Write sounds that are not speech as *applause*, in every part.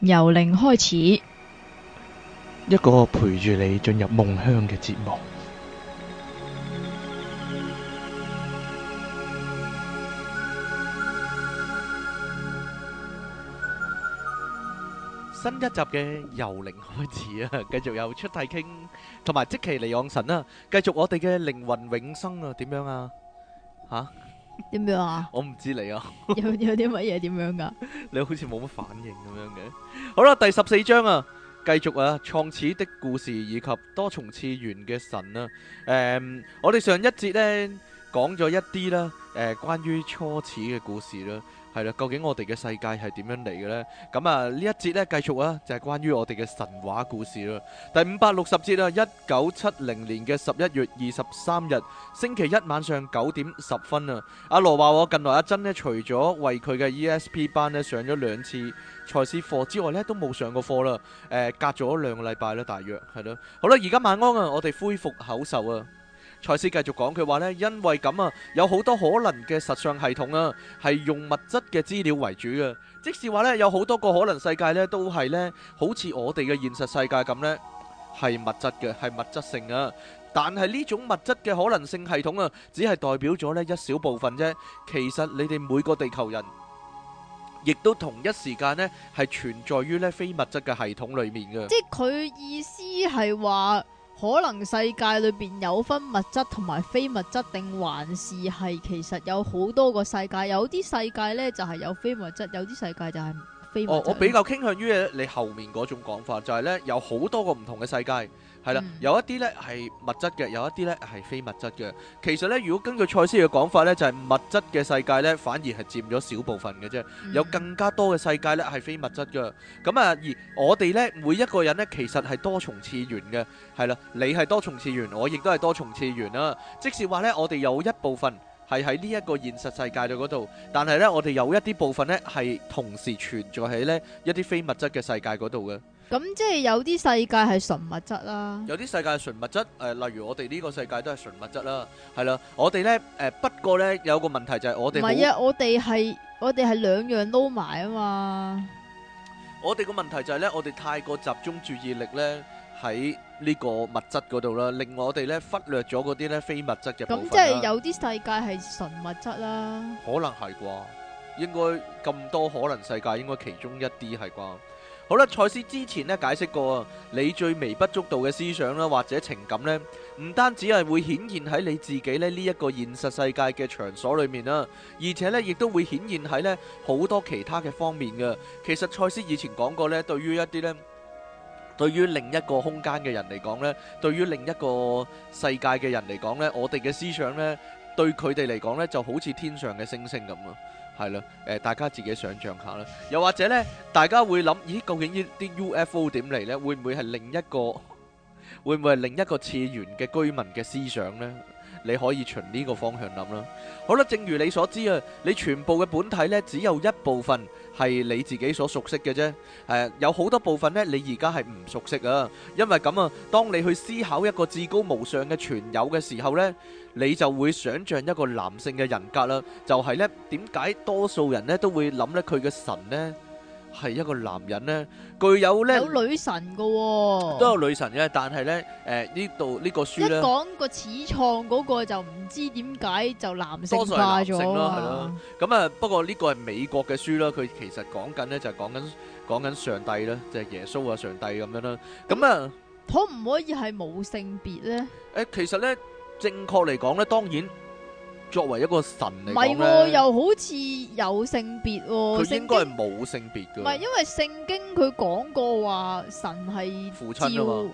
由零開始，一個陪住你進入夢鄉嘅節目。新一集嘅由零開始啊，繼續有出題傾同埋即期嚟往神啊，繼續我哋嘅靈魂永生啊，點樣啊？吓？點樣啊？我唔知你啊 *laughs* 有。有有啲乜嘢點樣噶？ *laughs* 你好似冇乜反應咁樣嘅。好啦，第十四章啊，繼續啊，創始的故事以及多重次元嘅神啊嗯啦。誒，我哋上一節咧講咗一啲啦，誒，關於初始嘅故事啦。係啦，究竟我哋嘅世界係點樣嚟嘅呢？咁啊，呢一節呢，繼續啊，就係、是、關於我哋嘅神話故事咯。第五百六十節啊，一九七零年嘅十一月二十三日，星期一晚上九點十分啊。阿羅話我近來阿珍呢，除咗為佢嘅 ESP 班呢上咗兩次賽斯課之外呢，都冇上過課啦。誒、呃，隔咗兩個禮拜啦，大約係咯。好啦，而家晚安啊，我哋恢復口授啊。賽斯繼續講，佢話呢，因為咁啊，有好多可能嘅實相系統啊，係用物質嘅資料為主嘅。即使話呢，有好多個可能世界呢，都係呢，好似我哋嘅現實世界咁呢，係物質嘅，係物質性啊。但係呢種物質嘅可能性系統啊，只係代表咗呢一小部分啫。其實你哋每個地球人，亦都同一時間呢，係存在於呢非物質嘅系統裡面嘅。即係佢意思係話。可能世界裏邊有分物質同埋非物質，定還是係其實有好多個世界，有啲世界呢就係、是、有非物質，有啲世界就係非物質。哦，我比較傾向於你後面嗰種講法，就係、是、呢：有好多個唔同嘅世界。係啦，有一啲咧係物質嘅，有一啲咧係非物質嘅。其實咧，如果根據賽斯嘅講法咧，就係、是、物質嘅世界咧，反而係佔咗少部分嘅啫。有更加多嘅世界咧係非物質嘅。咁啊，而我哋咧每一個人咧，其實係多重次元嘅。係啦，你係多重次元，我亦都係多重次元啦、啊。即使話咧，我哋有一部分係喺呢一個現實世界度嗰度，但係咧，我哋有一啲部分咧係同時存在喺咧一啲非物質嘅世界嗰度嘅。咁即係有啲世界係純物質啦，有啲世界係純物質，誒、呃，例如我哋呢個世界都係純物質啦，係啦，我哋咧，誒、呃，不過咧有個問題就係我哋唔係啊，我哋係我哋係兩樣撈埋啊嘛，我哋個問題就係咧，我哋太過集中注意力咧喺呢個物質嗰度啦，令我哋咧忽略咗嗰啲咧非物質嘅，咁即係有啲世界係純物質啦，可能係啩，應該咁多可能世界，應該其中一啲係啩。好啦，賽斯之前咧解釋過啊，你最微不足道嘅思想啦，或者情感呢，唔單止係會顯現喺你自己咧呢一個現實世界嘅場所裏面啦，而且呢，亦都會顯現喺呢好多其他嘅方面嘅。其實賽斯以前講過呢，對於一啲呢，對於另一個空間嘅人嚟講呢，對於另一個世界嘅人嚟講呢，我哋嘅思想呢，對佢哋嚟講呢，就好似天上嘅星星咁啊。係咯，誒大家自己想象下啦。又或者咧，大家會諗，咦？究竟呢啲 UFO 點嚟咧？會唔會係另一個？會唔會係另一個次元嘅居民嘅思想呢？你可以循呢個方向諗啦。好啦，正如你所知啊，你全部嘅本體呢，只有一部分。係你自己所熟悉嘅啫，誒，有好多部分呢，你而家係唔熟悉啊。因為咁啊，當你去思考一個至高無上嘅存有嘅時候呢，你就會想象一個男性嘅人格啦。就係呢，點解多數人呢都會諗咧佢嘅神呢？係一個男人咧，具有咧有女神噶，都有女神嘅，但係咧，誒呢度呢個書咧，一講個始創嗰個就唔知點解就男性化咗。係咯，咁啊，不過呢個係美國嘅書啦，佢其實講緊咧就係講緊講緊上帝啦，即係耶穌啊，上帝咁樣啦，咁啊，可唔可以係冇性別咧？誒，其實咧，正確嚟講咧，當然。作為一個神嚟講咧，又好似有性別喎。佢應該係冇性別嘅。唔係，因為聖經佢講過話神係父親，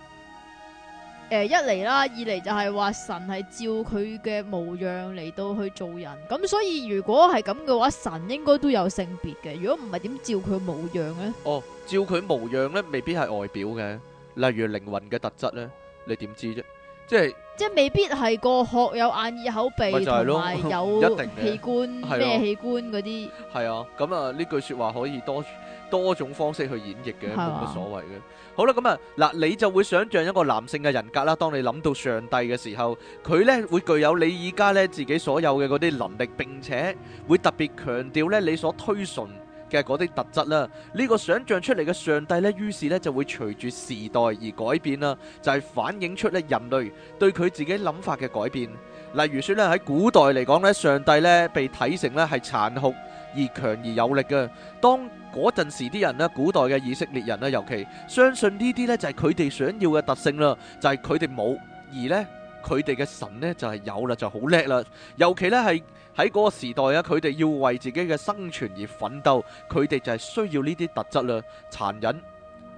誒一嚟啦，二嚟就係話神係照佢嘅模樣嚟到去做人。咁所以如果係咁嘅話，神應該都有性別嘅。如果唔係點照佢模樣咧？哦，照佢模樣咧，未必係外表嘅，例如靈魂嘅特質咧，你點知啫？即係。即係未必係個學有眼耳口鼻同埋有，有器官咩，器官嗰啲係啊咁些啊呢、啊、句說話可以多多種方式去演繹嘅，冇乜所謂嘅、啊、好啦咁，啊嗱，你就會想象一個男性嘅人格啦，當你諗到上帝嘅時候，佢咧會具有你而家咧自己所有嘅嗰啲能力，並且會特別強調咧你所推崇。嘅嗰啲特質啦，呢、這個想象出嚟嘅上帝呢，於是呢就會隨住時代而改變啦，就係、是、反映出咧人類對佢自己諗法嘅改變。例如說咧喺古代嚟講呢，上帝呢被睇成呢係殘酷而強而有力嘅。當嗰陣時啲人呢，古代嘅以色列人呢、就是就是，尤其相信呢啲呢，就係佢哋想要嘅特性啦，就係佢哋冇，而呢，佢哋嘅神呢就係有啦，就好叻啦，尤其呢係。喺嗰個時代啊，佢哋要為自己嘅生存而奮鬥，佢哋就係需要呢啲特質啦，殘忍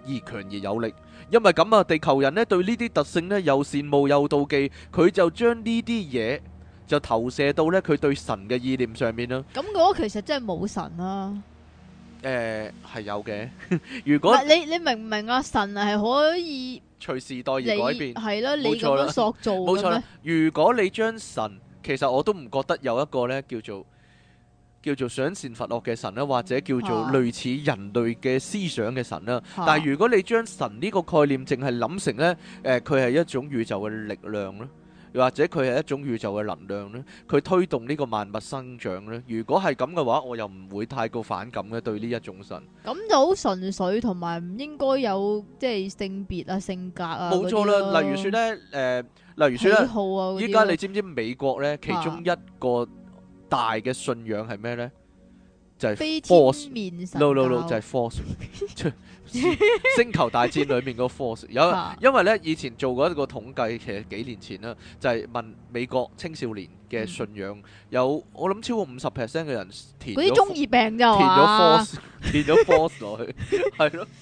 而強而有力。因為咁啊，地球人咧對呢啲特性咧又羨慕又妒忌，佢就將呢啲嘢就投射到咧佢對神嘅意念上面啦。咁個其實真係冇神啦，啊。誒、呃，係有嘅。 *laughs* 如果你你明唔明啊？神係可以隨時代而改變，係啦，你咁樣塑造冇錯。如果你將神其實我都唔覺得有一個咧叫做叫做賞善罰惡嘅神啦，或者叫做類似人類嘅思想嘅神啦。但係如果你將神呢個概念淨係諗成咧，誒佢係一種宇宙嘅力量咧，或者佢係一種宇宙嘅能量咧，佢推動呢個萬物生長咧。如果係咁嘅話，我又唔會太過反感嘅對呢一種神。咁就好純粹，同埋唔應該有即係性別啊、性格啊。冇錯啦，例如説咧，誒。例如說，依家你知唔知美國呢，其中一個大嘅信仰係咩呢？就係、是、force。No, no, no，就係 force。 *laughs* 星球大戰裡面個 force 有，因為呢，以前做過一個統計，其實幾年前啦，就係、是、問美國青少年嘅信仰，嗯、有我諗超過五十 percent 嘅人填咗。啲中二病就填咗了 force, *laughs* force，填咗 force 落去係咯。 *laughs*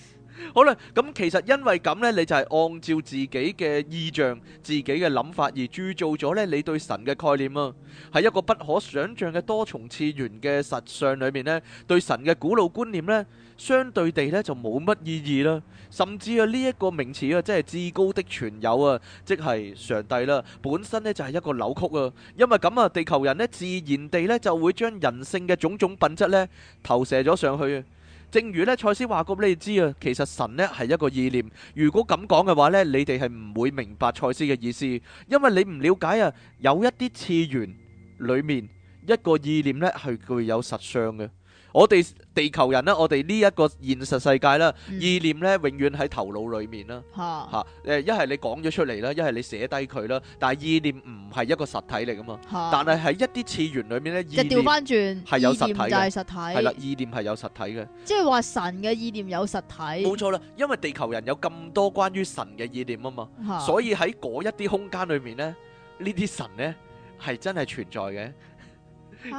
好啦，咁其實因為咁呢，你就係按照自己嘅意象、自己嘅諗法而鑄造咗呢。你對神嘅概念啊，喺一個不可想象嘅多重次元嘅實相裏面呢，對神嘅古老觀念呢，相對地呢就冇乜意義啦。甚至啊，呢一個名詞啊，即係至高的全有啊，即係上帝啦，本身呢就係一個扭曲啊。因為咁啊，地球人呢自然地呢就會將人性嘅種種品質呢投射咗上去。正如呢，賽斯話過俾你哋知啊。其實神呢係一個意念。如果咁講嘅話呢，你哋係唔會明白賽斯嘅意思，因為你唔了解啊。有一啲次元裏面，一個意念呢係具有實相嘅。我哋地球人咧，我哋呢一個現實世界啦，意念咧永遠喺頭腦裏面啦。吓，誒，一係你講咗出嚟啦，一係你寫低佢啦。但係意念唔係一個實體嚟噶嘛。吓，但係喺一啲次元裏面咧，意念係有實體嘅。即係調翻轉，係有實體。係啦，意念係有實體嘅。即係話神嘅意念有實體。冇錯啦，因為地球人有咁多關於神嘅意念啊嘛。吓，所以喺嗰一啲空間裏面咧，呢啲神咧係真係存在嘅。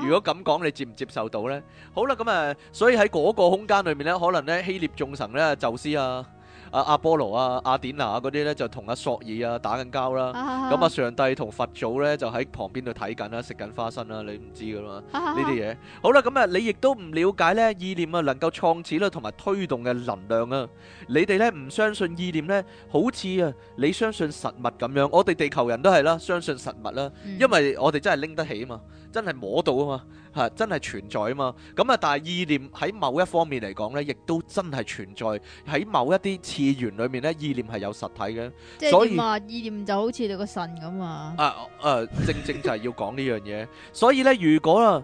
如果咁講，你接唔接受到咧？好啦，咁啊，所以喺嗰個空間裏面咧，可能咧，希臘眾神咧，宙斯啊，阿阿波羅啊，雅典娜啊嗰啲咧，就同阿索爾啊打緊交啦。咁啊，上帝同佛祖咧就喺旁邊度睇緊啦，食緊花生啦，你唔知噶嘛？呢啲嘢。好啦，咁啊，你亦都唔了解咧，意念啊，能夠創始啦，同埋推動嘅能量啊。你哋咧唔相信意念咧，好似啊，你相信實物咁樣，我哋地球人都係啦，相信實物啦，因為我哋真係拎得起啊嘛。真係摸到啊嘛，係真係存在啊嘛。咁啊，但係意念喺某一方面嚟講呢，亦都真係存在喺某一啲次元裏面呢，意念係有實體嘅。即係嘛，意念就好似你個神咁啊。啊，誒，正正就係要講呢樣嘢。 *laughs* 所以呢，如果啊，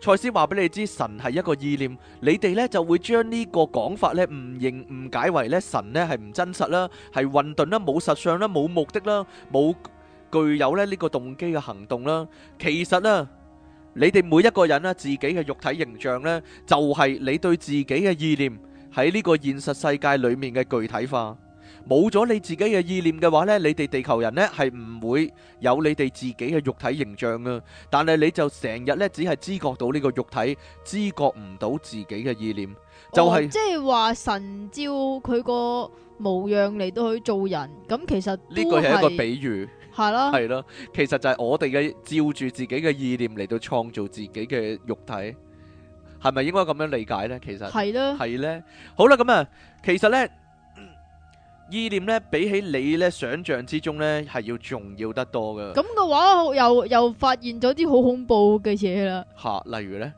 賽斯話俾你知神係一個意念，你哋呢就會將呢個講法呢誤認誤解為呢神呢係唔真實啦，係混沌啦，冇實相啦，冇目的啦，冇。具有呢呢個動機嘅行動啦，其實呢，你哋每一個人呢，自己嘅肉體形象呢，就係你對自己嘅意念喺呢個現實世界裏面嘅具體化。冇咗你自己嘅意念嘅話呢，你哋地球人呢係唔會有你哋自己嘅肉體形象嘅。但係你就成日呢只係知覺到呢個肉體，知覺唔到自己嘅意念，就係即係話神照佢個模樣嚟到去做人。咁其實呢個係一個比喻。係咯，係咯，其實就係我哋嘅照住自己嘅意念嚟到創造自己嘅肉體，係咪應該咁樣理解呢？其實係啦，係咧的，好啦，咁啊，其實呢，嗯、意念呢比起你呢想象之中呢係要重要得多㗎。咁嘅話，又又發現咗啲好恐怖嘅嘢啦。吓、啊，例如呢，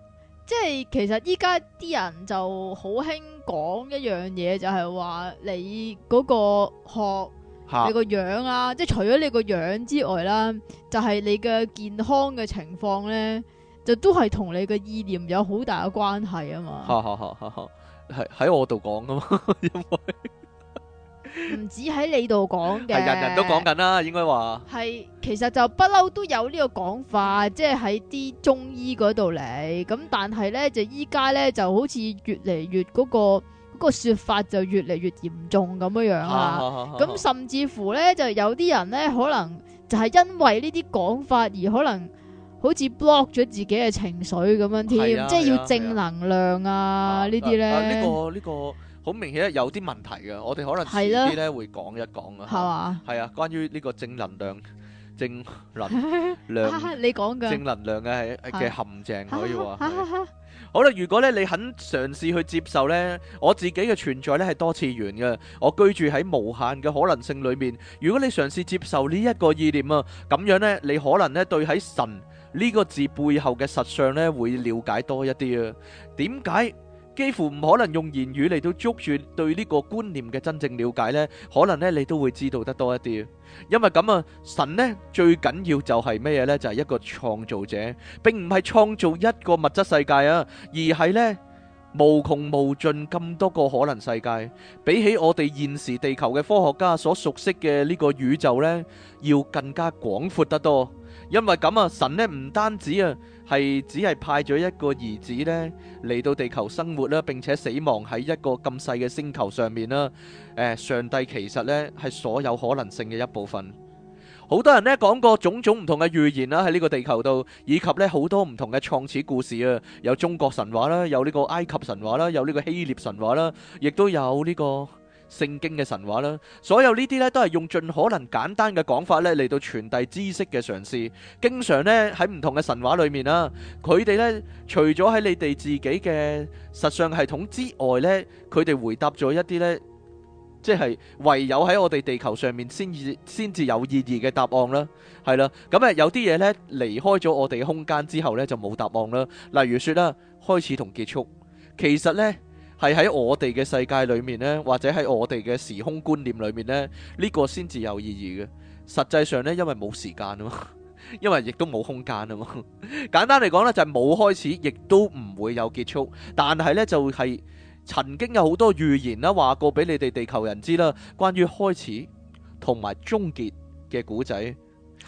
即係其實依家啲人就好興講一樣嘢，就係、係、話你嗰個學。你個樣啊，即係除咗你個樣之外啦，就係、是、你嘅健康嘅情況咧，就都係同你嘅意念有好大嘅關係啊嘛。好，係喺我度講噶嘛，因爲唔止喺你度講嘅， *noise* 人人都講緊啦，應該話係，其實就不嬲都有呢個講法，即係喺啲中醫嗰度嚟。咁但係咧就依家咧就好似越嚟越嗰、嗰個個說法就越嚟越嚴重咁樣樣啊，咁甚至乎咧，就有啲人咧，可能就係因為呢啲講法而可能好似 block 咗自己嘅情緒咁樣添，即係要正能量啊呢啲咧。呢個呢個好明顯有啲問題嘅，我哋可能遲啲咧會講一講啊。係啊，係啊，關於呢個正能量，正能量，你講嘅正能量嘅係嘅陷阱可以話。好啦，如果咧你肯嘗試去接受呢，我自己嘅存在呢係多次元嘅，我居住喺無限嘅可能性裏面。如果你嘗試接受呢一個意念啊，咁樣呢，你可能呢對喺神呢個字背後嘅實相呢會了解多一啲啊。點解？幾乎唔可能用言語嚟到捉住對呢個觀念嘅真正了解呢，可能呢你都會知道得多一啲。因為咁啊，神呢最緊要就係咩嘢呢？就係一個創造者，並唔係創造一個物質世界啊，而係呢無窮無盡咁多個可能世界。比起我哋現時地球嘅科學家所熟悉嘅呢個宇宙呢，要更加廣闊得多。因為咁啊，神呢唔單止啊。係只係派咗一個兒子咧嚟到地球生活啦，並且死亡喺一個咁細嘅星球上面啦。誒、呃，上帝其實咧係所有可能性嘅一部分。好多人咧講過種種唔同嘅預言啦，喺呢個地球度，以及咧好多唔同嘅創始故事啊，有中國神話啦，有呢個埃及神話啦，有呢個希臘神話啦，亦都有呢、這個。聖經嘅神話啦，所有呢啲呢都係用盡可能簡單嘅講法呢嚟到傳遞知識嘅嘗試。經常呢喺唔同嘅神話裏面啦，佢哋呢除咗喺你哋自己嘅實相系統之外呢，佢哋回答咗一啲呢，即係唯有喺我哋地球上面先至先至有意義嘅答案啦。係啦，咁啊有啲嘢呢離開咗我哋空間之後呢，就冇答案啦。例如説啦，開始同結束，其實呢。係喺我哋嘅世界裏面咧，或者喺我哋嘅時空觀念裏面咧，呢個先至有意義嘅。實際上咧，因為冇時間啊嘛，因為亦都冇空間啊嘛。簡單嚟講咧，就係冇開始，亦都唔會有結束。但係咧，就係曾經有好多預言啦，話過俾你哋地球人知啦，關於開始同埋終結嘅古仔。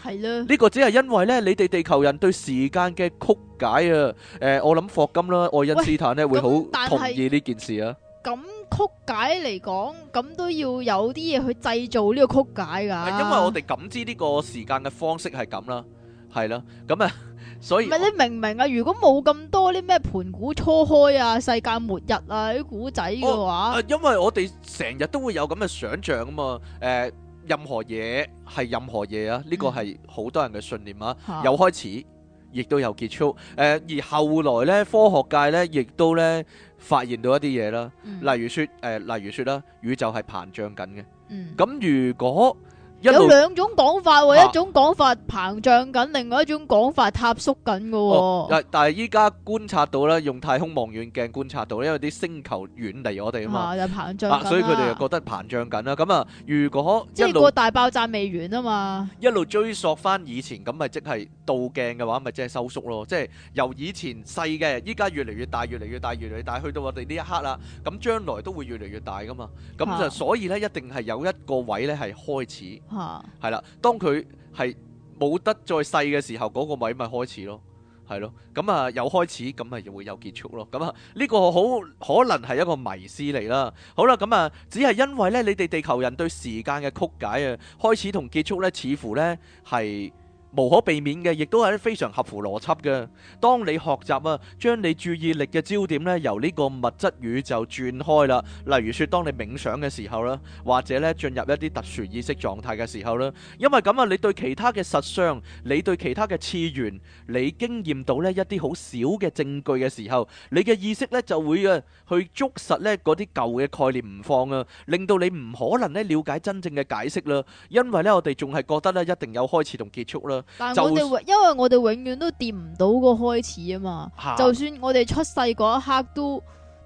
係啦，呢個只係因為咧，你哋地球人對時間嘅曲解啊，誒，我諗霍金啦、愛因斯坦咧會好同意呢件事啊。咁曲解嚟講，咁都要有啲嘢去製造呢個曲解噶。係因為我哋感知呢個時間嘅方式係咁啦，係啦，咁啊，所以唔係，你明唔明啊？如果冇咁多啲咩盤古初開啊、世界末日啊啲古仔嘅話，啊，因為我哋成日都會有咁嘅想象啊嘛，誒。任何嘢係任何嘢啊！呢個係好多人嘅信念啊，啊有開始，亦都有結束。誒、呃，而後來呢，科學界呢，亦都呢發現到一啲嘢啦，嗯例如説呃，例如説，誒，例如説啦，宇宙係膨脹緊嘅。咁、嗯、如果有兩種講法喎，一種講法膨脹緊，啊、另外一種講法塌縮緊嘅。但係依家觀察到咧，用太空望遠鏡觀察到咧，因為啲星球遠離我哋啊嘛、就是膨脹，所以佢哋就覺得膨脹緊啦。咁啊，啊如果一即係個大爆炸未完啊嘛，一路追溯翻以前，咁咪即係倒鏡嘅話，咪即係收縮咯。即、就、係、是、由以前細嘅，依家越嚟越大，越嚟越大，越嚟越大，去到我哋呢一刻啦。咁將來都會越嚟越大噶嘛。咁就所以咧，一定係有一個位咧係開始。吓，係啦，當佢係冇得再細嘅時候，嗰個位咪開始咯，係咯，咁啊又開始，咁咪就會有結束咯，咁啊呢個好可能係一個迷思嚟啦。好啦，咁啊只係因為咧，你哋地球人對時間嘅曲解啊，開始同結束咧，似乎咧係。無可避免嘅，亦都係非常合乎邏輯嘅。當你學習啊，將你注意力嘅焦點咧由呢個物質宇宙轉開啦。例如說，當你冥想嘅時候啦，或者咧進入一啲特殊意識狀態嘅時候啦，因為咁啊，你對其他嘅實相，你對其他嘅次元，你經驗到呢一啲好少嘅證據嘅時候，你嘅意識呢就會啊去捉實咧嗰啲舊嘅概念唔放啊，令到你唔可能咧了解真正嘅解釋啦。因為呢，我哋仲係覺得咧一定有開始同結束啦。但我哋算因為我哋永遠都掂唔到個開始啊嘛，啊就算我哋出世嗰一刻都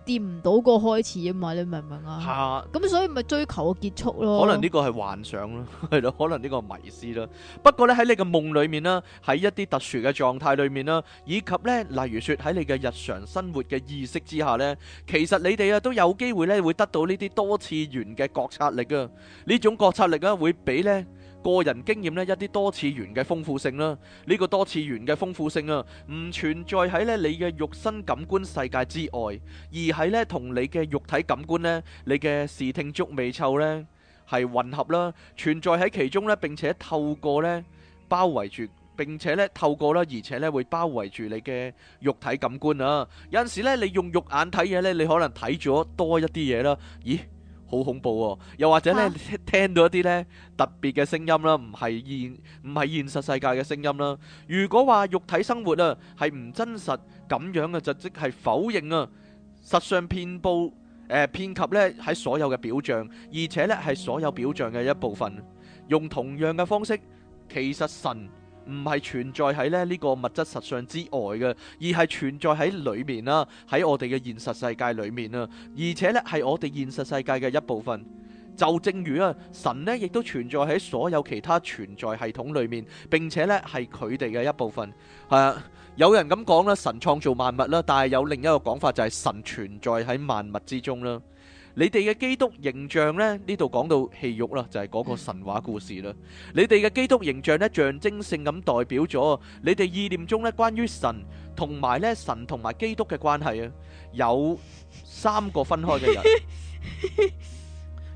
掂唔到個開始啊嘛，你明唔明啊？吓，咁所以咪追求個結束咯。可能呢個係幻想咯，係咯，可能呢個迷思咯。不過咧喺你嘅夢裏面啦，喺一啲特殊嘅狀態裏面啦，以及咧，例如說喺你嘅日常生活嘅意識之下咧，其實你哋啊都有機會咧會得到呢啲多次元嘅覺察力啊，呢種覺察力咧會俾咧。個人經驗咧，一啲多次元嘅豐富性啦，呢個多次元嘅豐富性啊，唔存在喺咧你嘅肉身感官世界之外，而係咧同你嘅肉體感官咧，你嘅視聽觸味嗅咧係混合啦，存在喺其中咧，並且透過咧包圍住並且咧透過啦，而且咧會包圍住你嘅肉體感官啊。有陣時咧，你用肉眼睇嘢咧，你可能睇咗多一啲嘢啦。咦？好恐怖喎，哦！又或者咧，聽到一啲咧特別嘅聲音啦，唔係現唔係現實世界嘅聲音啦。如果話肉體生活啊係唔真實，咁樣嘅就即係否認啊，實相遍佈誒遍及咧喺所有嘅表象，而且咧係所有表象嘅一部分，用同樣嘅方式，其實神，唔係存在喺咧呢個物質實相之外嘅，而係存在喺裏面啦，喺我哋嘅現實世界裏面啊，而且咧係我哋現實世界嘅一部分。就正如啊，神咧亦都存在喺所有其他存在系統裏面，並且咧係佢哋嘅一部分。係啊，有人咁講啦，神創造萬物啦，但係有另一個講法就係神存在喺萬物之中啦。你哋嘅基督形象呢，呢度講到戲肉啦，就係嗰個神話故事啦。你哋嘅基督形象呢，象徵性咁代表咗你哋意念中呢關於神同埋呢神同埋基督嘅關係啊。有三個分開嘅人,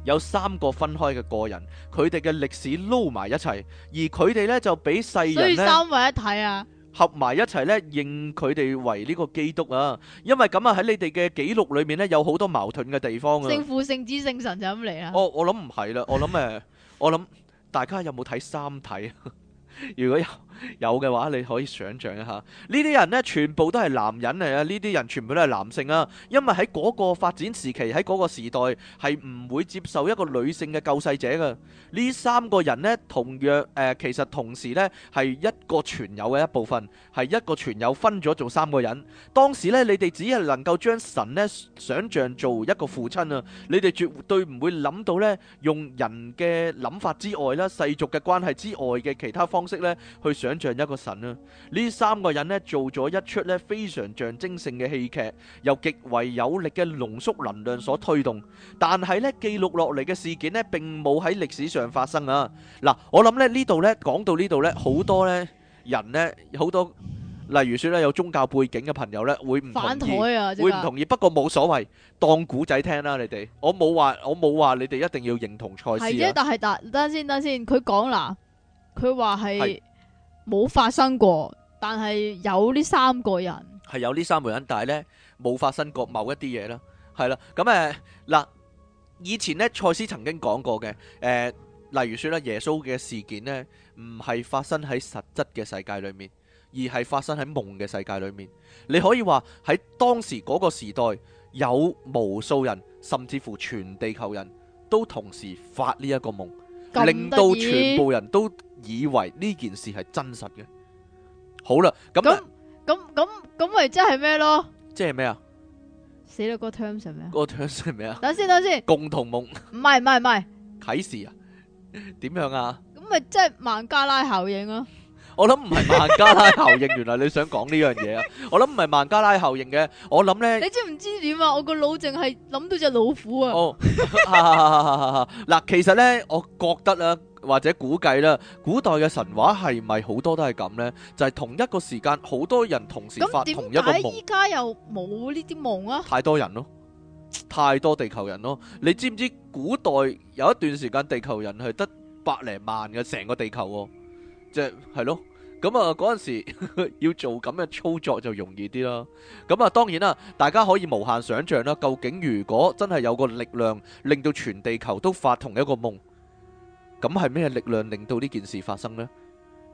有三個分開嘅個人，佢哋嘅歷史撈埋一齊，而佢哋呢就俾世人呢。所以三位一體啊。合埋一齊咧，認佢哋為呢個基督啊！因為咁啊，喺你哋嘅記錄裏面咧，有好多矛盾嘅地方啊！聖父、聖子、聖神就咁嚟啊！我我諗唔係啦，我諗誒， *laughs* 我諗大家有冇睇三體啊？ *laughs* 如果有。有嘅話，你可以想象一下，呢啲人咧全部都係男人嚟啊！呢啲人全部都係男性啊，因為喺嗰個發展時期，喺嗰個時代係唔會接受一個女性嘅救世者嘅。呢三個人咧，同樣誒，其實同時咧係一個存有嘅一部分，係一個存有分咗做三個人。當時咧，你哋只係能夠將神咧想象做一個父親啊！你哋絕對唔會諗到咧，用人嘅諗法之外啦，世俗嘅關係之外嘅其他方式咧去。想象一個神啦，呢三個人咧做咗一出咧非常象徵性嘅戲劇，由極為有力嘅濃縮能量所推動。但係咧記錄落嚟嘅事件咧，並冇喺歷史上發生啊！嗱，我諗咧呢度咧講到呢度咧，好多咧人咧，好多例如說咧有宗教背景嘅朋友咧，會唔反對？會唔同意？不過冇所謂，當古仔聽啦，你哋我冇話，我冇話你哋一定要認同賽斯啊。係啫，但係但等先等先，佢講啦，佢話係。冇發生過，但係有呢三個人係 *noise* 有呢三個人，但係呢，冇發生過某一啲嘢啦，係啦，咁誒嗱，以前呢，賽斯曾經講過嘅，誒、呃，例如說咧耶穌嘅事件呢，唔係發生喺實質嘅世界裏面，而係發生喺夢嘅世界裏面。你可以話喺當時嗰個時代，有無數人，甚至乎全地球人都同時發呢一個夢。令到全部人都以為呢件事係真實嘅。好啦，咁咁咁咁，咪即係咩咯？即係咩啊？死啦，個 term 係咩啊？個 term 係咩啊？等先，等先。共同夢？唔係唔係唔係啟示啊？點樣啊？咁咪即係孟加拉效應咯。我諗唔係孟加拉效應， *laughs* 原來你想講呢樣嘢啊！我諗唔係孟加拉效應嘅，我諗咧，你知唔知點啊？我個腦淨係諗到隻老虎、 *laughs* oh, *laughs* 啊！哦，嗱，其實咧，我覺得啦，或者估計啦，古代嘅神話係咪好多都係咁咧？就係、是、同一個時間，好多人同時發同一個夢。依家又冇呢啲夢啊！太多人咯，太多地球人咯。你知唔知古代有一段時間地球人係得百零萬嘅成個地球？即係咯，咁啊，嗰陣時要做咁嘅操作就容易啲啦。咁啊，當然啦，大家可以無限想象啦。究竟如果真係有個力量令到全地球都發同一個夢，咁係咩力量令到呢件事發生呢？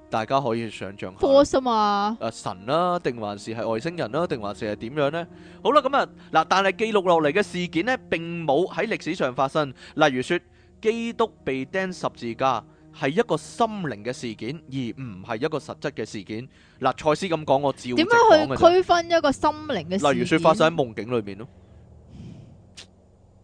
大家可以想象下。force 嘛，誒神啦，定還是係外星人啦，定還是係點樣呢？好啦，咁啊嗱，但係記錄落嚟嘅事件呢，並冇喺歷史上發生。例如說，基督被釘十字架。係一個心靈嘅事件，而唔係一個實質嘅事件。嗱，賽斯咁講，我照直講嘅。點樣去區分一個心靈嘅事件？例如說發生喺夢境裏面咯。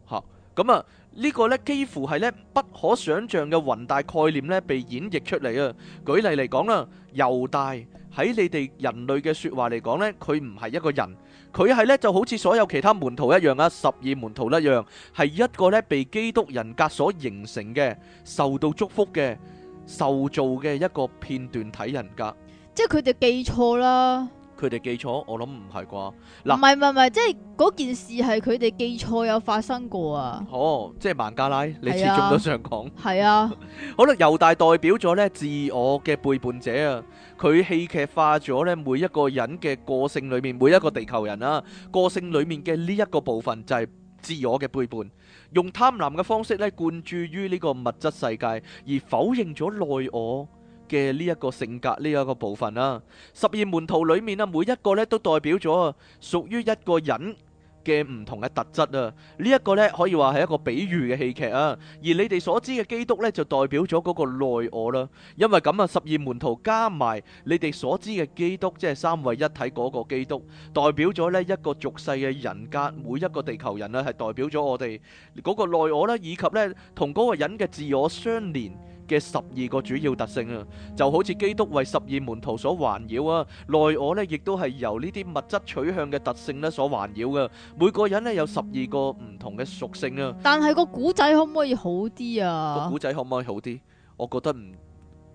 吓，咁啊，呢個咧幾乎係咧不可想象嘅宏大概念咧，被演繹出嚟啊。舉例嚟講啦，猶大。喺你哋人類嘅説話嚟講呢，佢唔係一個人，佢係呢就好似所有其他門徒一樣啊，十二門徒一樣，係一個呢被基督人格所形成嘅、受到祝福嘅、受造嘅一個片段體人格，即係佢哋記錯啦。佢哋記錯，我諗唔係啩？嗱，唔係唔係唔係，即係嗰件事係佢哋記錯有發生過啊！哦，即係孟加拉，你始終都想講，係啊。可能、啊、 *laughs* 猶大代表咗呢自我嘅背叛者啊，佢戲劇化咗呢，每一個人嘅個性裏面，每一個地球人啊，個性裏面嘅呢一個部分就係自我嘅背叛，用貪婪嘅方式呢，灌注於呢個物質世界，而否認咗內我。嘅呢一個性格呢一個部分啦，十二門徒裏面啊，每一個呢都代表咗屬於一個人嘅唔同嘅特質啊。呢一個呢可以話係一個比喻嘅戲劇啊。而你哋所知嘅基督呢，就代表咗嗰個內我啦。因為咁啊，十二門徒加埋你哋所知嘅基督，即係三位一體嗰個基督，代表咗呢一個俗世嘅人格，每一個地球人啦，係代表咗我哋嗰個內我啦，以及呢同嗰個人嘅自我相連。嘅十二個主要特性啊，就好似基督為十二門徒所環繞啊，內我咧亦都係由呢啲物質取向嘅特性咧所環繞噶，每個人咧有十二個唔同嘅屬性啊。但係個古仔可唔可以好啲啊？個古仔可唔可以好啲？我覺得唔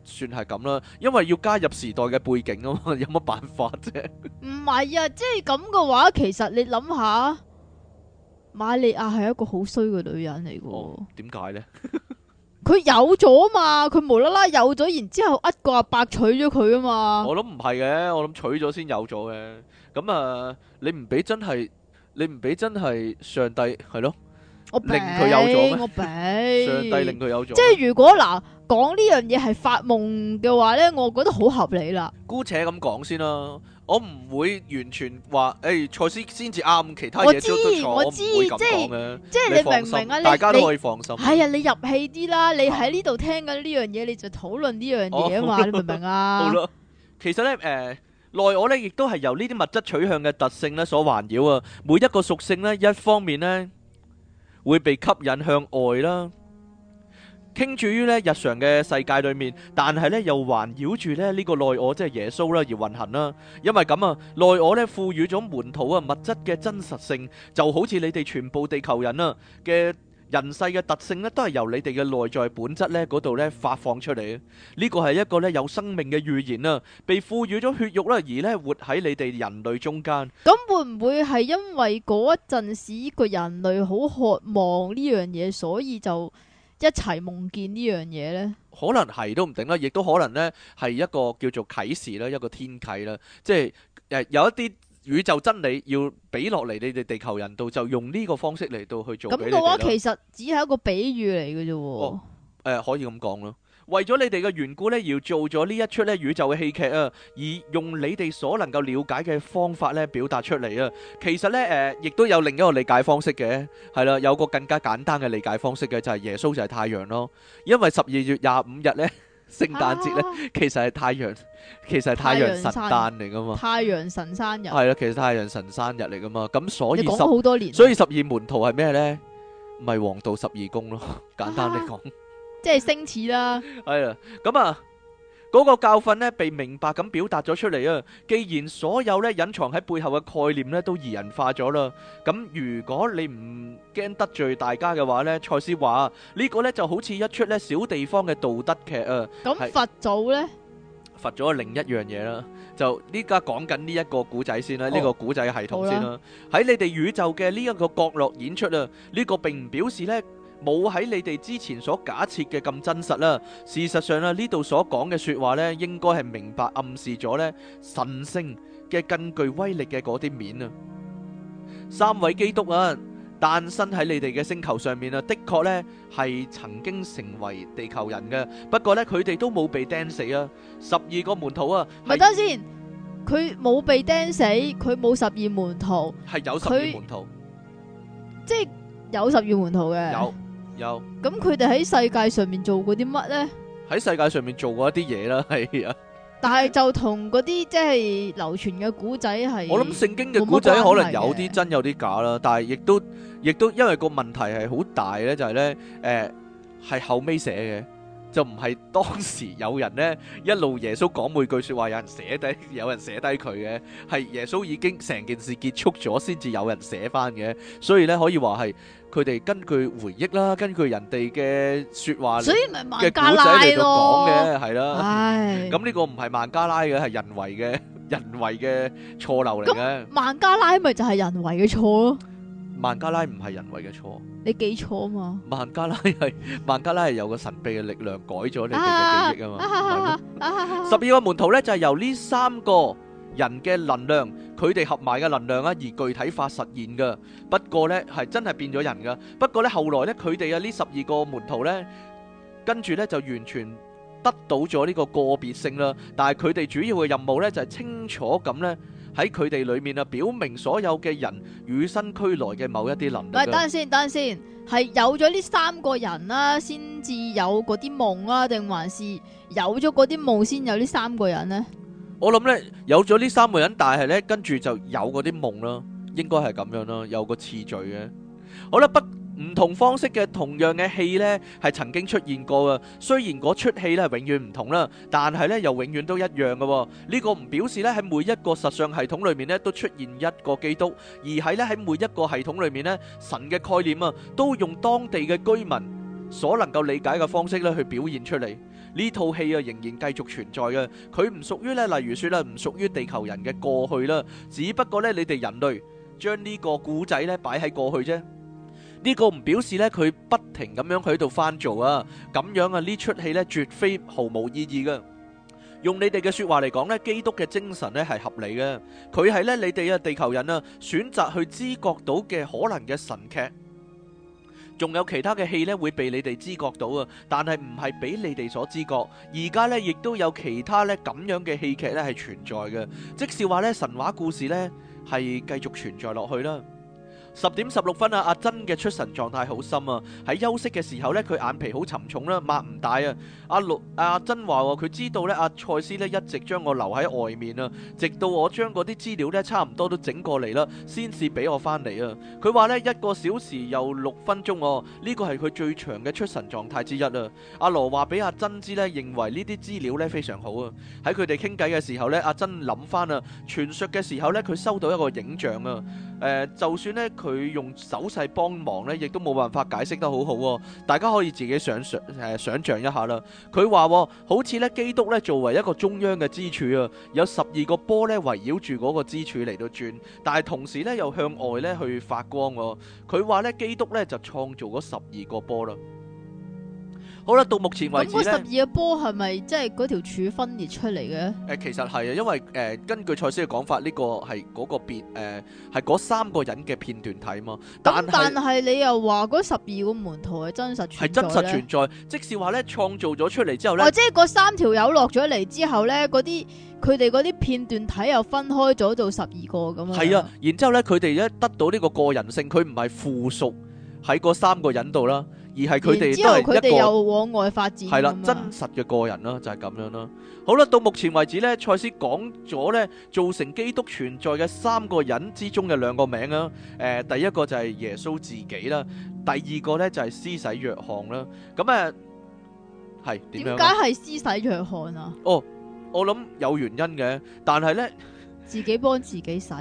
算係咁啦，因為要加入時代嘅背景啊嘛，有乜辦法啫？唔係啊，即係咁嘅話，其實你諗下，瑪利亞係一個好衰嘅女人嚟嘅，點解呢？佢有咗嘛？佢無啦啦有咗，然之後一個阿伯娶咗佢啊嘛？我諗唔係嘅，我諗娶咗先有咗嘅。咁啊，你唔俾真係，你唔俾真係上帝係咯？我比令佢有咗咩？我俾比上帝令佢有咗。即係如果嗱講呢樣嘢係發夢嘅話咧，我覺得好合理啦。姑且咁講先啦。我唔會完全話，誒賽斯先至啱，其他嘢都出錯，我知，我即係是你，你明唔明啊？大家都可以放心。係啊、哎，你入氣啲啦。你喺呢度聽緊呢樣嘢，啊、你就討論呢樣嘢啊嘛。哦、你明唔明啊？好啦，其實咧，誒、呃、內我咧亦都係由呢啲物質取向嘅特性咧所環繞啊。每一個屬性咧，一方面咧會被吸引向外啦。傾注於咧日常嘅世界裏面，但係咧又環繞住咧呢個內我，即係耶穌啦而運行啦。因為咁啊，內我咧賦予咗門徒啊物質嘅真實性，就好似你哋全部地球人啊嘅人世嘅特性咧，都係由你哋嘅內在本質咧嗰度咧發放出嚟。呢個係一個咧有生命嘅預言啦，被賦予咗血肉啦，而咧活喺你哋人類中間。咁會唔會係因為嗰陣時一個人類好渴望呢樣嘢，所以就？一齊夢見呢樣嘢呢？可能係都唔定啦，亦都可能呢係一個叫做啟示啦，一個天啟啦，即係有一啲宇宙真理要俾落嚟，你哋地球人度就用呢個方式嚟到去做，嗯。咁嘅話其實只係一個比喻嚟嘅啫，誒、哦呃、可以咁講咯。為咗你哋嘅緣故呢，要做咗呢一出呢宇宙嘅戲劇啊，而用你哋所能夠了解嘅方法呢，表達出嚟啊。其實呢，誒、呃，亦都有另一個理解方式嘅，係啦，有個更加簡單嘅理解方式嘅就係耶穌就係太陽咯，因為十二月廿五日呢，聖誕節呢，其實係太陽，其實係太陽神誕嚟噶嘛，太陽神生日係啦，其實太陽神生日嚟噶嘛，咁所以十所以十二門徒係咩呢？咪黃道十二宮咯，簡單啲講。即係星恥啦，係啦，咁啊，嗰個教訓咧被明白咁表達咗出嚟啊！既然所有咧隱藏喺背後嘅概念咧都擬人化咗啦，咁如果你唔驚得罪大家嘅話咧，賽斯話呢個咧就好似一出咧小地方嘅道德劇啊！咁佛祖咧，佛祖另一樣嘢啦，就依家講緊呢一個古仔先啦，呢個古仔系統先啦，喺你哋宇宙嘅呢一個角落演出啊！呢個並唔表示咧。冇喺你哋之前所假設嘅咁真實啦、啊，事實上啦、啊、呢度所講嘅說話咧，應該係明白暗示咗咧神聖嘅更具威力嘅嗰啲面啊。三位基督啊，誕生喺你哋嘅星球上面啊，的確咧係曾經成為地球人嘅，不過呢，佢哋都冇被釘死啊。十二個門徒啊，唔係等先，佢冇被釘死，佢冇十二門徒，係有十二門徒，即係有十二門徒嘅。有咁佢哋喺世界上面做過啲乜咧？喺世界上面做過一啲嘢啦，係啊。但係就同嗰啲即係流傳嘅古仔係。我諗聖經嘅古仔可能有啲真有啲假啦，但係亦都亦都因為個問題係好大咧，就係咧，誒係後尾寫嘅，就唔係當時有人咧一路耶穌講每句說話，有人寫低，有人寫低佢嘅，係耶穌已經成件事結束咗，先至有人寫翻嘅，所以咧可以話係。佢哋根據回憶啦，根據人哋嘅説話，所以唔係孟加拉嘅故仔嚟講嘅，係啦。唉，咁呢個唔係孟加拉嘅，係唉 *laughs* 人為嘅，人為嘅錯漏嚟嘅。咁孟加拉咪就係人為嘅錯咯？孟加拉唔係人為嘅錯，錯嗯、你記錯啊嘛孟？孟加拉係孟加拉係有個神秘嘅力量改咗你哋嘅記憶啊嘛。十、啊、二、啊啊、 *laughs* 個門徒咧就係由呢三個。人嘅能量，佢哋合埋嘅能量啊，而具體化實現嘅。不過呢，係真係變咗人噶。不過呢，後來呢，佢哋啊呢十二個門徒呢，跟住呢就完全得到咗呢個個別性啦。但係佢哋主要嘅任務呢就係清楚咁呢喺佢哋裏面啊表明所有嘅人與生俱來嘅某一啲能力。唔係，等陣先，等陣先，係有咗呢三個人啦，先至有嗰啲夢啊，定還是有咗嗰啲夢先有呢三個人呢？我諗咧有咗呢三個人，但係咧跟住就有嗰啲夢咯，應該係咁樣咯，有個次序嘅。好啦不唔同方式嘅同樣嘅戲咧，係曾經出現過嘅。雖然嗰出戲咧係永遠唔同啦，但係咧又永遠都一樣嘅。呢個唔表示咧喺每一個實相系統裏面咧都出現一個基督，而係咧喺每一個系統裏面咧神嘅概念啊，都用當地嘅居民所能夠理解嘅方式咧去表現出嚟。呢套戲啊，仍然繼續存在嘅，佢唔屬於咧，例如說咧，唔屬於地球人嘅過去啦。只不過咧，你哋人類將呢個故仔咧擺喺過去啫。呢個唔表示咧，佢不停咁樣佢喺度翻做啊。咁樣啊，呢出戲咧絕非毫無意義嘅。用你哋嘅說話嚟講咧，基督嘅精神咧係合理嘅。佢係咧你哋啊地球人啊選擇去知覺到嘅可能嘅神劇。仲有其他嘅戲咧，會被你哋知覺到啊！但係唔係俾你哋所知覺。而家咧，亦都有其他咧咁樣嘅戲劇咧係存在嘅，即係話咧神話故事咧係繼續存在落去啦。十點十六分啊！阿珍嘅出神狀態好深啊！喺休息嘅時候呢，佢眼皮好沉重啦，擘唔大啊！阿羅、阿珍話，佢知道呢，阿賽斯呢一直將我留喺外面啦，直到我將嗰啲資料呢差唔多都整過嚟啦，先至俾我翻嚟啊！佢話呢，一個小時又六分鐘哦，呢個係佢最長嘅出神狀態之一啦！阿羅話俾阿珍知呢，認為呢啲資料呢非常好啊！喺佢哋傾偈嘅時候呢，阿珍諗翻啊，傳說嘅時候呢，佢收到一個影像啊！誒、呃，就算咧佢用手勢幫忙咧，亦都冇辦法解釋得好好喎。大家可以自己想像誒、呃、想像一下啦。佢話好似咧基督咧作為一個中央嘅支柱啊，有十二個波咧圍繞住嗰個支柱嚟到轉，但係同時咧又向外咧去發光喎。佢話咧基督咧就創造咗十二個波啦。好啦，到目前為止嗰十二個波係咪即係嗰條柱分裂出嚟嘅？誒，其實係啊，因為誒、呃、根據賽斯嘅講法，呢、這個係嗰個片誒係嗰三個人嘅片段體嘛。咁但係你又話嗰十二個門徒係真實存在？係真實存在，即使話咧創造咗出嚟之後咧、哦，即係嗰三條友落咗嚟之後咧，啲佢哋嗰啲片段體又分開咗到十二個咁啊？係啊吧，然之後咧佢哋咧得到呢個個人性，佢唔係附屬喺嗰三個人度啦。而係佢哋又往外發展，係啦，真實嘅個人啦，就係咁樣啦。好啦，到目前為止咧，賽斯講咗咧造成基督存在嘅三個人之中嘅兩個名啦。誒，第一個就係耶穌自己啦，第二個咧就係施洗約翰啦。咁誒，係點解係施洗約翰啊？哦，我諗有原因嘅，但係咧，自己幫自己洗。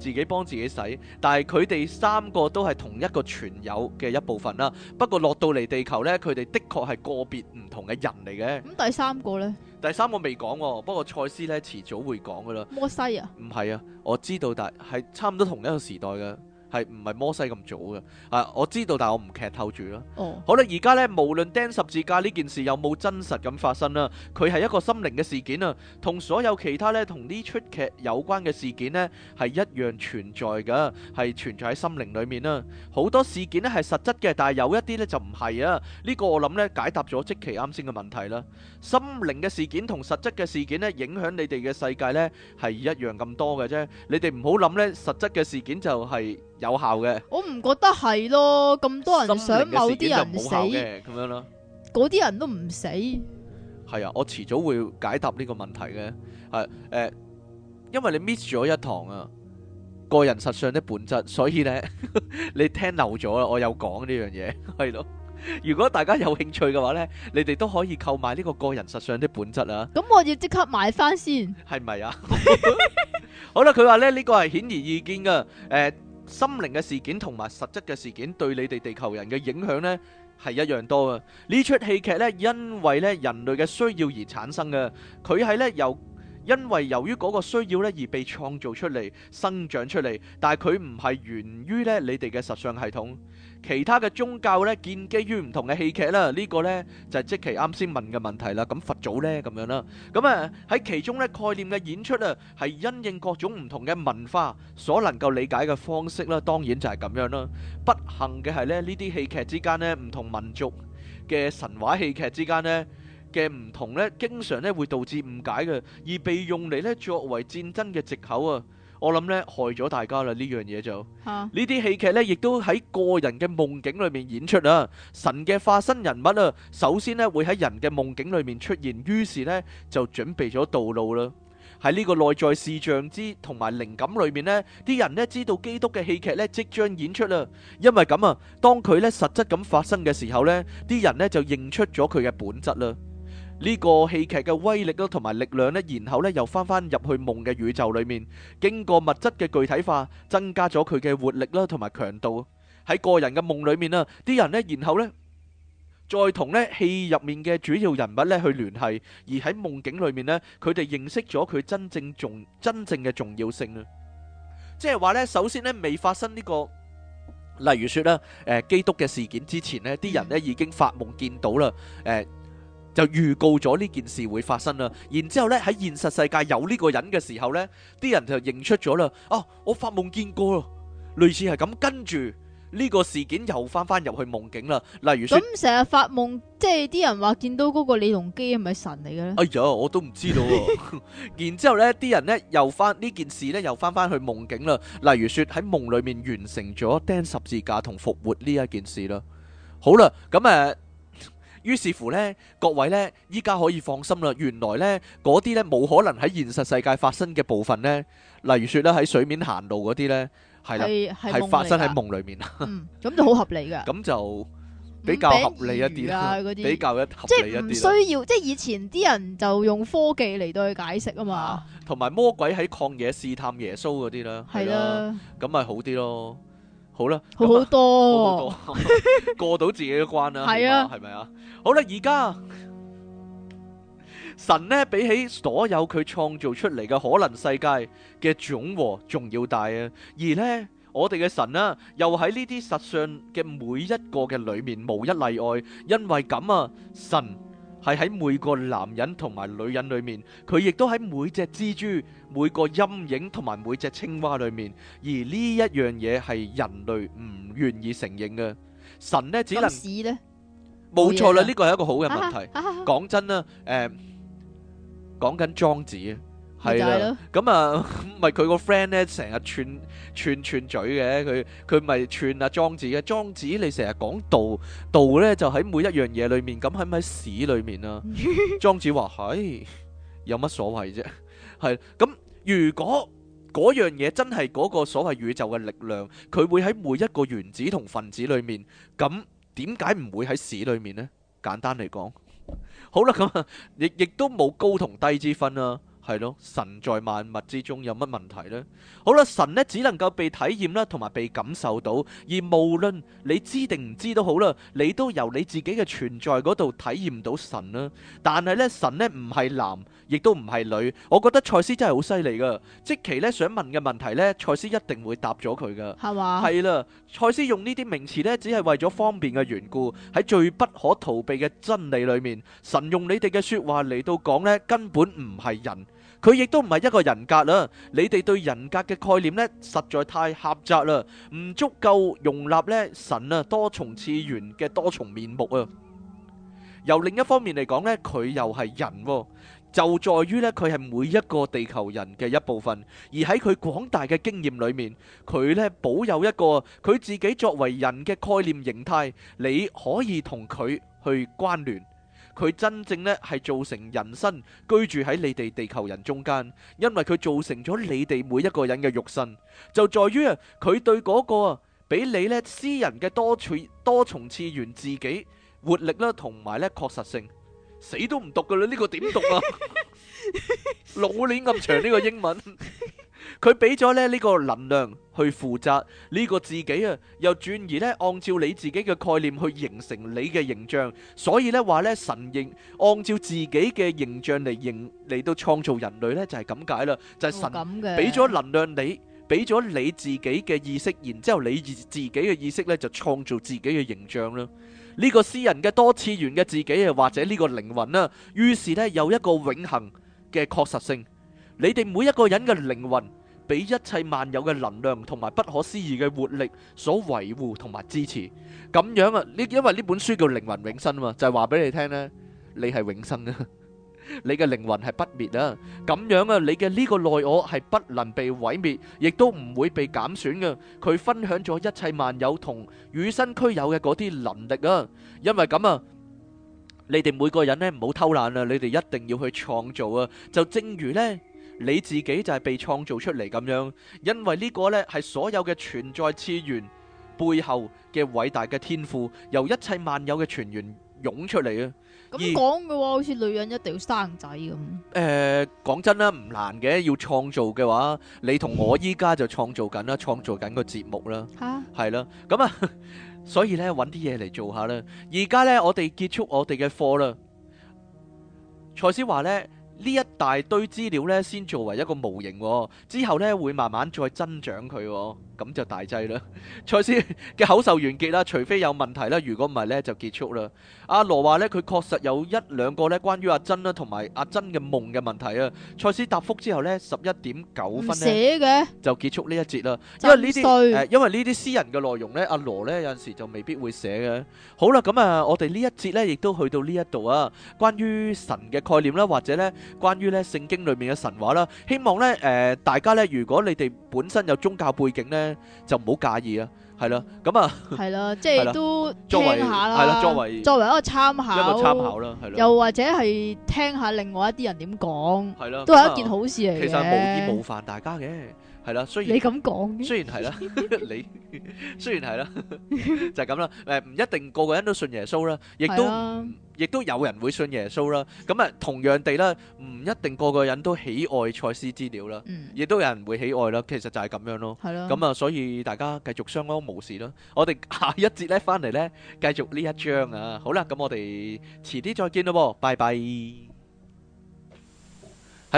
自己幫自己洗，但係佢哋三個都係同一個存有嘅一部分啦。不過落到嚟地球呢，佢哋的確係個別唔同嘅人嚟嘅。咁第三個呢？第三個未講喎，不過賽斯呢遲早會講㗎喇。摩西啊？唔係啊，我知道，但係差唔多同一個時代嘅。係唔係摩西咁早嘅？啊，我知道，但係我唔劇透住啦。哦，好啦，而家咧，無論釘十字架呢件事有冇真實咁發生啦，佢係一個心靈嘅事件啊，同所有其他咧同呢出劇有關嘅事件呢，係一樣存在嘅，係存在喺心靈裏面啦。好多事件呢係實質嘅，但係有一啲咧就唔係啊。呢個我諗呢，解答咗即其啱先嘅問題啦。心靈嘅事件同實質嘅事件呢，影響你哋嘅世界呢，係一樣咁多嘅啫。你哋唔好諗呢實質嘅事件就係。有效嘅，我唔覺得係咯，咁多人想某啲人死咁樣咯，嗰啲人都唔死。係啊，我遲早會解答呢個問題嘅，係誒。因為你 miss 咗一堂啊，個人實相的本質，所以咧你聽漏咗啦，我有講呢樣嘢，係咯。如果大家有興趣嘅話咧，你哋都可以購買呢個個人實相的本質啊。咁我要即刻買翻先，係咪啊？好啦，佢話咧呢個係顯而易見噶，誒。心靈嘅事件同埋實質嘅事件對你哋地球人嘅影響呢，係一樣多啊！呢出戲劇呢，因為呢人類嘅需要而產生嘅，佢係呢，由因為由於嗰個需要呢而被創造出嚟、生長出嚟，但係佢唔係源於呢你哋嘅實相系統。其他嘅宗教咧，建基於唔同嘅戲劇啦，呢個咧就係即其啱先問嘅問題啦。咁佛祖咧咁樣啦，咁啊喺其中咧概念嘅演出啊，係因應各種唔同嘅文化所能夠理解嘅方式啦。當然就係咁樣啦。不幸嘅係咧，呢啲戲劇之間咧唔同民族嘅神話戲劇之間咧嘅唔同咧，經常咧會導致誤解嘅，而被用嚟咧作為戰爭嘅藉口啊。我諗咧害咗大家啦，呢樣嘢就呢啲戲劇咧，亦都喺個人嘅夢境裏面演出啦。神嘅化身人物啊，首先咧會喺人嘅夢境裏面出現，於是咧就準備咗道路啦。喺呢個內在視像之同埋靈感裏面咧，啲人咧知道基督嘅戲劇咧即將演出啦。因為咁啊，當佢咧實質咁發生嘅時候咧，啲人咧就認出咗佢嘅本質啦。呢個戲劇嘅威力咯，同埋力量咧，然後咧又翻翻入去夢嘅宇宙裏面，經過物質嘅具體化，增加咗佢嘅活力啦，同埋強度。喺個人嘅夢裏面啊，啲人咧，然後咧，再同咧戲入面嘅主要人物咧去聯繫，而喺夢境裏面咧，佢哋認識咗佢真正重，真正嘅重要性啊。即係話咧，首先咧未發生呢個，例如說啦，誒基督嘅事件之前咧，啲人咧已經發夢見到啦，誒。就預告咗呢件事會發生啦，然之後咧喺現實世界有呢個人嘅時候咧，啲人就認出咗啦。哦，我發夢見過咯，類似係咁，跟住呢個事件又翻翻入去夢境啦。例如咁成日發夢，即係啲人話見到嗰個李隆基係咪神嚟嘅咧？哎呀，我都唔知道。然之後咧，啲人咧又翻呢件事咧又翻翻去夢境啦。例如說喺夢裡面完成咗釘十字架同復活呢一件事啦。好啦，咁誒。於是乎呢，各位呢，依家可以放心啦。原來呢，嗰啲呢，冇可能喺現實世界發生嘅部分呢，例如說咧喺水面行路嗰啲呢，係啦，係發生喺夢裏面啦。咁、 *laughs* 嗯、就好合理噶。咁 *laughs* 就比較合理一啲啦，啊、比較合理一啲。唔需要，即係以前啲人就用科技嚟到去解釋啊嘛。同埋、啊、魔鬼喺曠野試探耶穌嗰啲啦，係啦、啊，咁咪好啲咯。好啦，好多，好多，過到自己嘅關啦，係 *laughs* 吧啊，係咪啊？好啦，而家神咧，比起所有佢創造出嚟嘅可能世界嘅總和仲要大啊！而呢，我哋嘅神啦，又喺呢啲實相嘅每一個嘅裏面無一例外，因為咁啊，神係喺每個男人同埋女人裏面，佢亦都喺每隻蜘蛛。每個陰影同埋每隻青蛙裏面，而呢一樣嘢係人類唔願意承認嘅。神咧只能屎咧，冇錯啦，呢個係一個好嘅問題。講真啦，誒，講緊莊子啊，係啊，咁啊，咪佢個 friend 咧成日串串串嘴嘅，佢佢咪串啊莊子嘅。莊子你成日講道道咧，就喺每一樣嘢裏面，咁喺唔喺屎裏面啊？莊子話係，有乜所謂啫？係咁，如果嗰樣嘢真係嗰個所謂宇宙嘅力量，佢會喺每一個原子同分子裏面，咁點解唔會喺屎裏面呢？簡單嚟講，好啦，咁亦亦都冇高同低之分啦，係咯，神在萬物之中有乜問題呢？好啦，神呢只能夠被體驗啦，同埋被感受到，而無論你知定唔知都好啦，你都由你自己嘅存在嗰度體驗到神啦。但係呢，神呢唔係男，亦都唔係女，我覺得賽斯真係好犀利噶。即其咧想問嘅問題咧，賽斯一定會答咗佢噶。係嘛吧？係啦，賽斯用呢啲名詞呢只係為咗方便嘅緣故。喺最不可逃避嘅真理裏面，神用你哋嘅說話嚟到講呢根本唔係人。佢亦都唔係一個人格啦。你哋對人格嘅概念呢，實在太狹窄啦，唔足夠容納呢神啊多重次元嘅多重面目啊。由另一方面嚟講呢佢又係人。就在於咧，佢係每一個地球人嘅一部分，而喺佢廣大嘅經驗裏面，佢咧保有一個佢自己作為人嘅概念形態，你可以同佢去關聯。佢真正咧係造成人身居住喺你哋地球人中間，因為佢造成咗你哋每一個人嘅肉身。就在於啊，佢對嗰個啊，俾你咧私人嘅多次多重次元自己活力啦，同埋咧確實性。死都唔讀噶啦，呢、這個點讀啊？ *laughs* 老年咁長呢個英文，佢俾咗咧呢、這個能量去負責呢、這個自己啊，又轉移咧按照你自己嘅概念去形成你嘅形象，所以咧話咧神形按照自己嘅形象嚟形嚟到創造人類咧就係咁解啦，就係、是就是、神俾咗能量你，俾咗你自己嘅意識，然之後你自自己嘅意識咧就創造自己嘅形象啦。呢個私人嘅多次元嘅自己啊，或者呢個靈魂啦，於是呢，有一個永恆嘅確實性。你哋每一個人嘅靈魂，俾一切萬有嘅能量同埋不可思議嘅活力所維護同埋支持。咁樣啊，呢因為呢本書叫靈魂永生啊嘛，就係話俾你聽咧，你係永生嘅。你嘅靈魂係不滅啊！咁樣啊，你嘅呢個內我係不能被毀滅，亦都唔會被減損嘅。佢分享咗一切萬有同與生俱有嘅嗰啲能力啊！因為咁啊，你哋每個人呢，唔好偷懶啊！你哋一定要去創造啊！就正如呢，你自己就係被創造出嚟咁樣，因為呢個呢，係所有嘅存在次元背後嘅偉大嘅天賦，由一切萬有嘅泉源湧出嚟啊！咁講嘅話，好似女人一定要生仔咁。誒、呃，講真啦，唔難嘅，要創造嘅話，你同我依家就創造緊啦，創造緊個節目啦。吓，係啦。咁、嗯、啊，所以咧，揾啲嘢嚟做下啦。而家咧，我哋結束我哋嘅課啦。蔡思華咧。呢一大堆資料咧，先作為一個模型，之後咧會慢慢再增長佢，咁就大劑啦。賽斯嘅口授完結啦，除非有問題啦，如果唔係咧就結束啦。阿羅話咧，佢確實有一兩個咧關於阿珍啦同埋阿珍嘅夢嘅問題啊。賽斯答覆之後咧，十一點九分咧寫嘅就結束呢一節啦。因為呢啲誒，因為呢啲私人嘅內容咧，阿羅咧有陣時就未必會寫嘅。好啦，咁啊，我哋呢一節咧亦都去到呢一度啊，關於神嘅概念啦，或者咧。關於咧聖經裏面嘅神話啦，希望咧誒、呃、大家咧，如果你哋本身有宗教背景咧，就唔好介意啊，係啦，咁啊，係 *laughs* 啦，即係都聽下啦，作為啦作為一個參考，一個參考啦，係咯，又或者係聽下另外一啲人點講，係咯啦，都係一件好事嚟嘅，其實、啊、無意冒犯大家嘅。係啦，雖然你咁講，雖然係啦，你雖然係啦，就咁啦。誒，唔一定個個人都信耶穌啦，亦都亦都有人會信耶穌啦。咁啊，同樣地啦，唔一定個個人都喜愛賽斯資料啦，亦都有人會喜愛啦。其實就係咁樣咯。係啦。咁啊，所以大家繼續相安無事咯。我哋下一節咧，翻嚟咧，繼續呢一章啊。好啦，咁我哋遲啲再見咯，拜拜。喺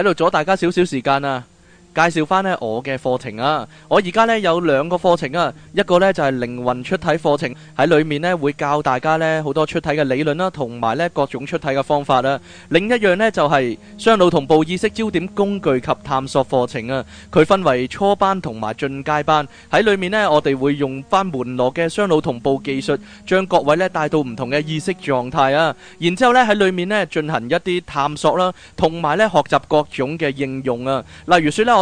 度阻大家少少時間啦！介紹翻咧我嘅課程啊！我而家咧有兩個課程啊，一個咧就係靈魂出體課程，喺裡面咧會教大家咧好多出體嘅理論啦，同埋咧各種出體嘅方法啦。另一樣咧就係雙腦同步意識焦點工具及探索課程啊。佢分為初班同埋進階班，喺裡面咧我哋會用返門羅嘅雙腦同步技術，將各位咧帶到唔同嘅意識狀態啊。然之後咧喺裡面咧進行一啲探索啦，同埋咧學習各種嘅應用啊。例如説咧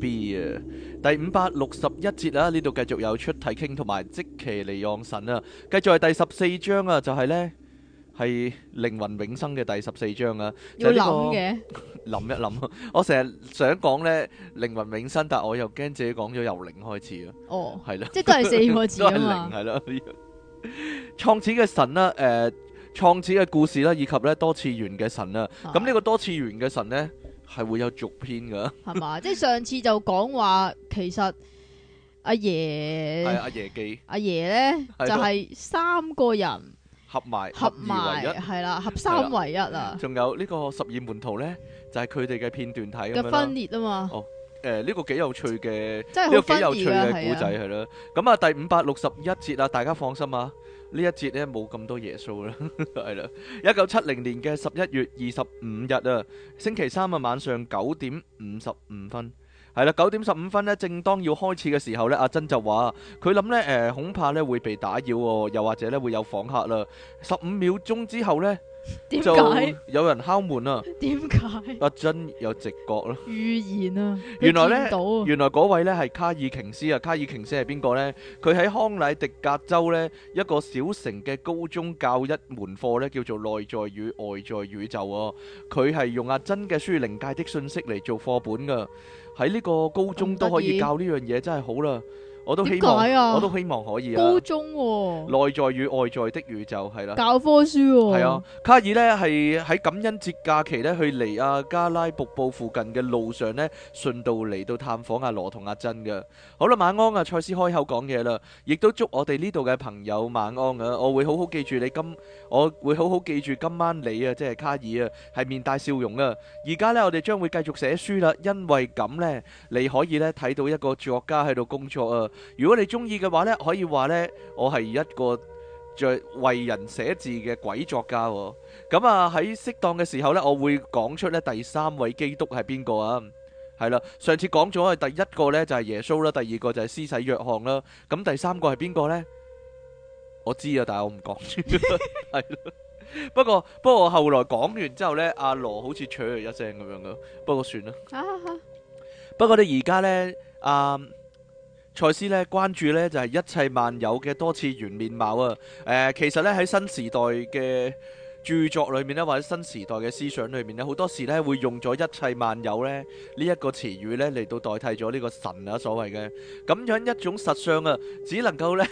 B 啊，第五百六十一節啦，呢度繼續有出題傾同埋即期嚟養神啊。繼續係第十四章啊，就係、是、呢，係靈魂永生嘅第十四章啊。就是這個、要諗嘅諗一諗啊，我成日想講呢，靈魂永生，但我又驚自己講咗由零開始啊。哦，係啦了，即係都係四個字啊 *laughs* 都係零係啦，創 *laughs* 始嘅神啦，誒、呃，創始嘅故事啦，以及咧多次元嘅神啊。咁呢個多次元嘅神呢，係會有續篇噶，係嘛？即係上次就講話，其實阿爺係 *laughs* 阿爺記，阿爺咧就係三個人合埋合埋係啦，合三為一啦。仲有呢個十二門徒咧，就係佢哋嘅片段睇嘅分裂啊嘛。哦，誒、呃，呢、這個幾有趣嘅，呢個幾有趣嘅古仔係啦。咁啊的，第五百六十一節啦，大家放心啊。一節呢一節咧冇咁多耶穌啦，係 *laughs* 啦，一九七零年嘅十一月二十五日啊，星期三啊，晚上九點五十五分，係啦，九點十五分呢，正當要開始嘅時候呢，阿珍就話，佢諗呢，誒、呃，恐怕呢會被打擾喎，哦，又或者呢會有訪客啦，十五秒鐘之後呢。點解有人敲門啊？點解阿珍有直覺咯？預言啊！原來呢，啊、原來嗰位呢係卡爾瓊斯啊。卡爾瓊斯係邊個呢？佢喺康乃迪格州呢，一個小城嘅高中教一門課呢叫做內在與外在宇宙啊。佢係用阿珍嘅書《靈界的信息》嚟做課本噶。喺呢個高中都可以教呢樣嘢，真係好啦。我都希望，我都希望可以。高中喎，內在與外在的宇宙係啦。教科書喎。係啊，卡爾咧係喺感恩節假期咧去尼亞加拉瀑布附近嘅路上咧，順道嚟到探訪阿羅同阿珍嘅。好啦，晚安啊，蔡斯開口講嘢啦，亦都祝我哋呢度嘅朋友晚安啊。我會好好記住你今，我會好好記住今晚你啊，即係卡爾啊，係面帶笑容啊。而家咧，我哋將會繼續寫書啦，因為咁咧，你可以咧睇到一個作家喺度工作啊。如果你中意嘅話呢，可以話呢，我係一個在為人寫字嘅鬼作家。咁啊，喺適當嘅時候呢，我會講出呢第三位基督係邊個啊？係啦，上次講咗係第一個呢，就係耶穌啦，第二個就係施洗約翰啦，咁第三個係邊個呢？我知啊，但係我唔講。係 *laughs* *laughs* 不過不過後來講完之後呢，阿、啊、羅好似取咗一聲咁樣噶，不過算啦。 *laughs* 不過你而家呢。啊。賽斯咧關注咧就係、是、一切萬有嘅多次元面貌啊！誒、呃，其實咧喺新時代嘅著作裏面咧，或者新時代嘅思想裏面咧，好多時咧會用咗一切萬有咧呢一、這個詞語咧嚟到代替咗呢個神啊所謂嘅咁樣一種實相啊，只能夠咧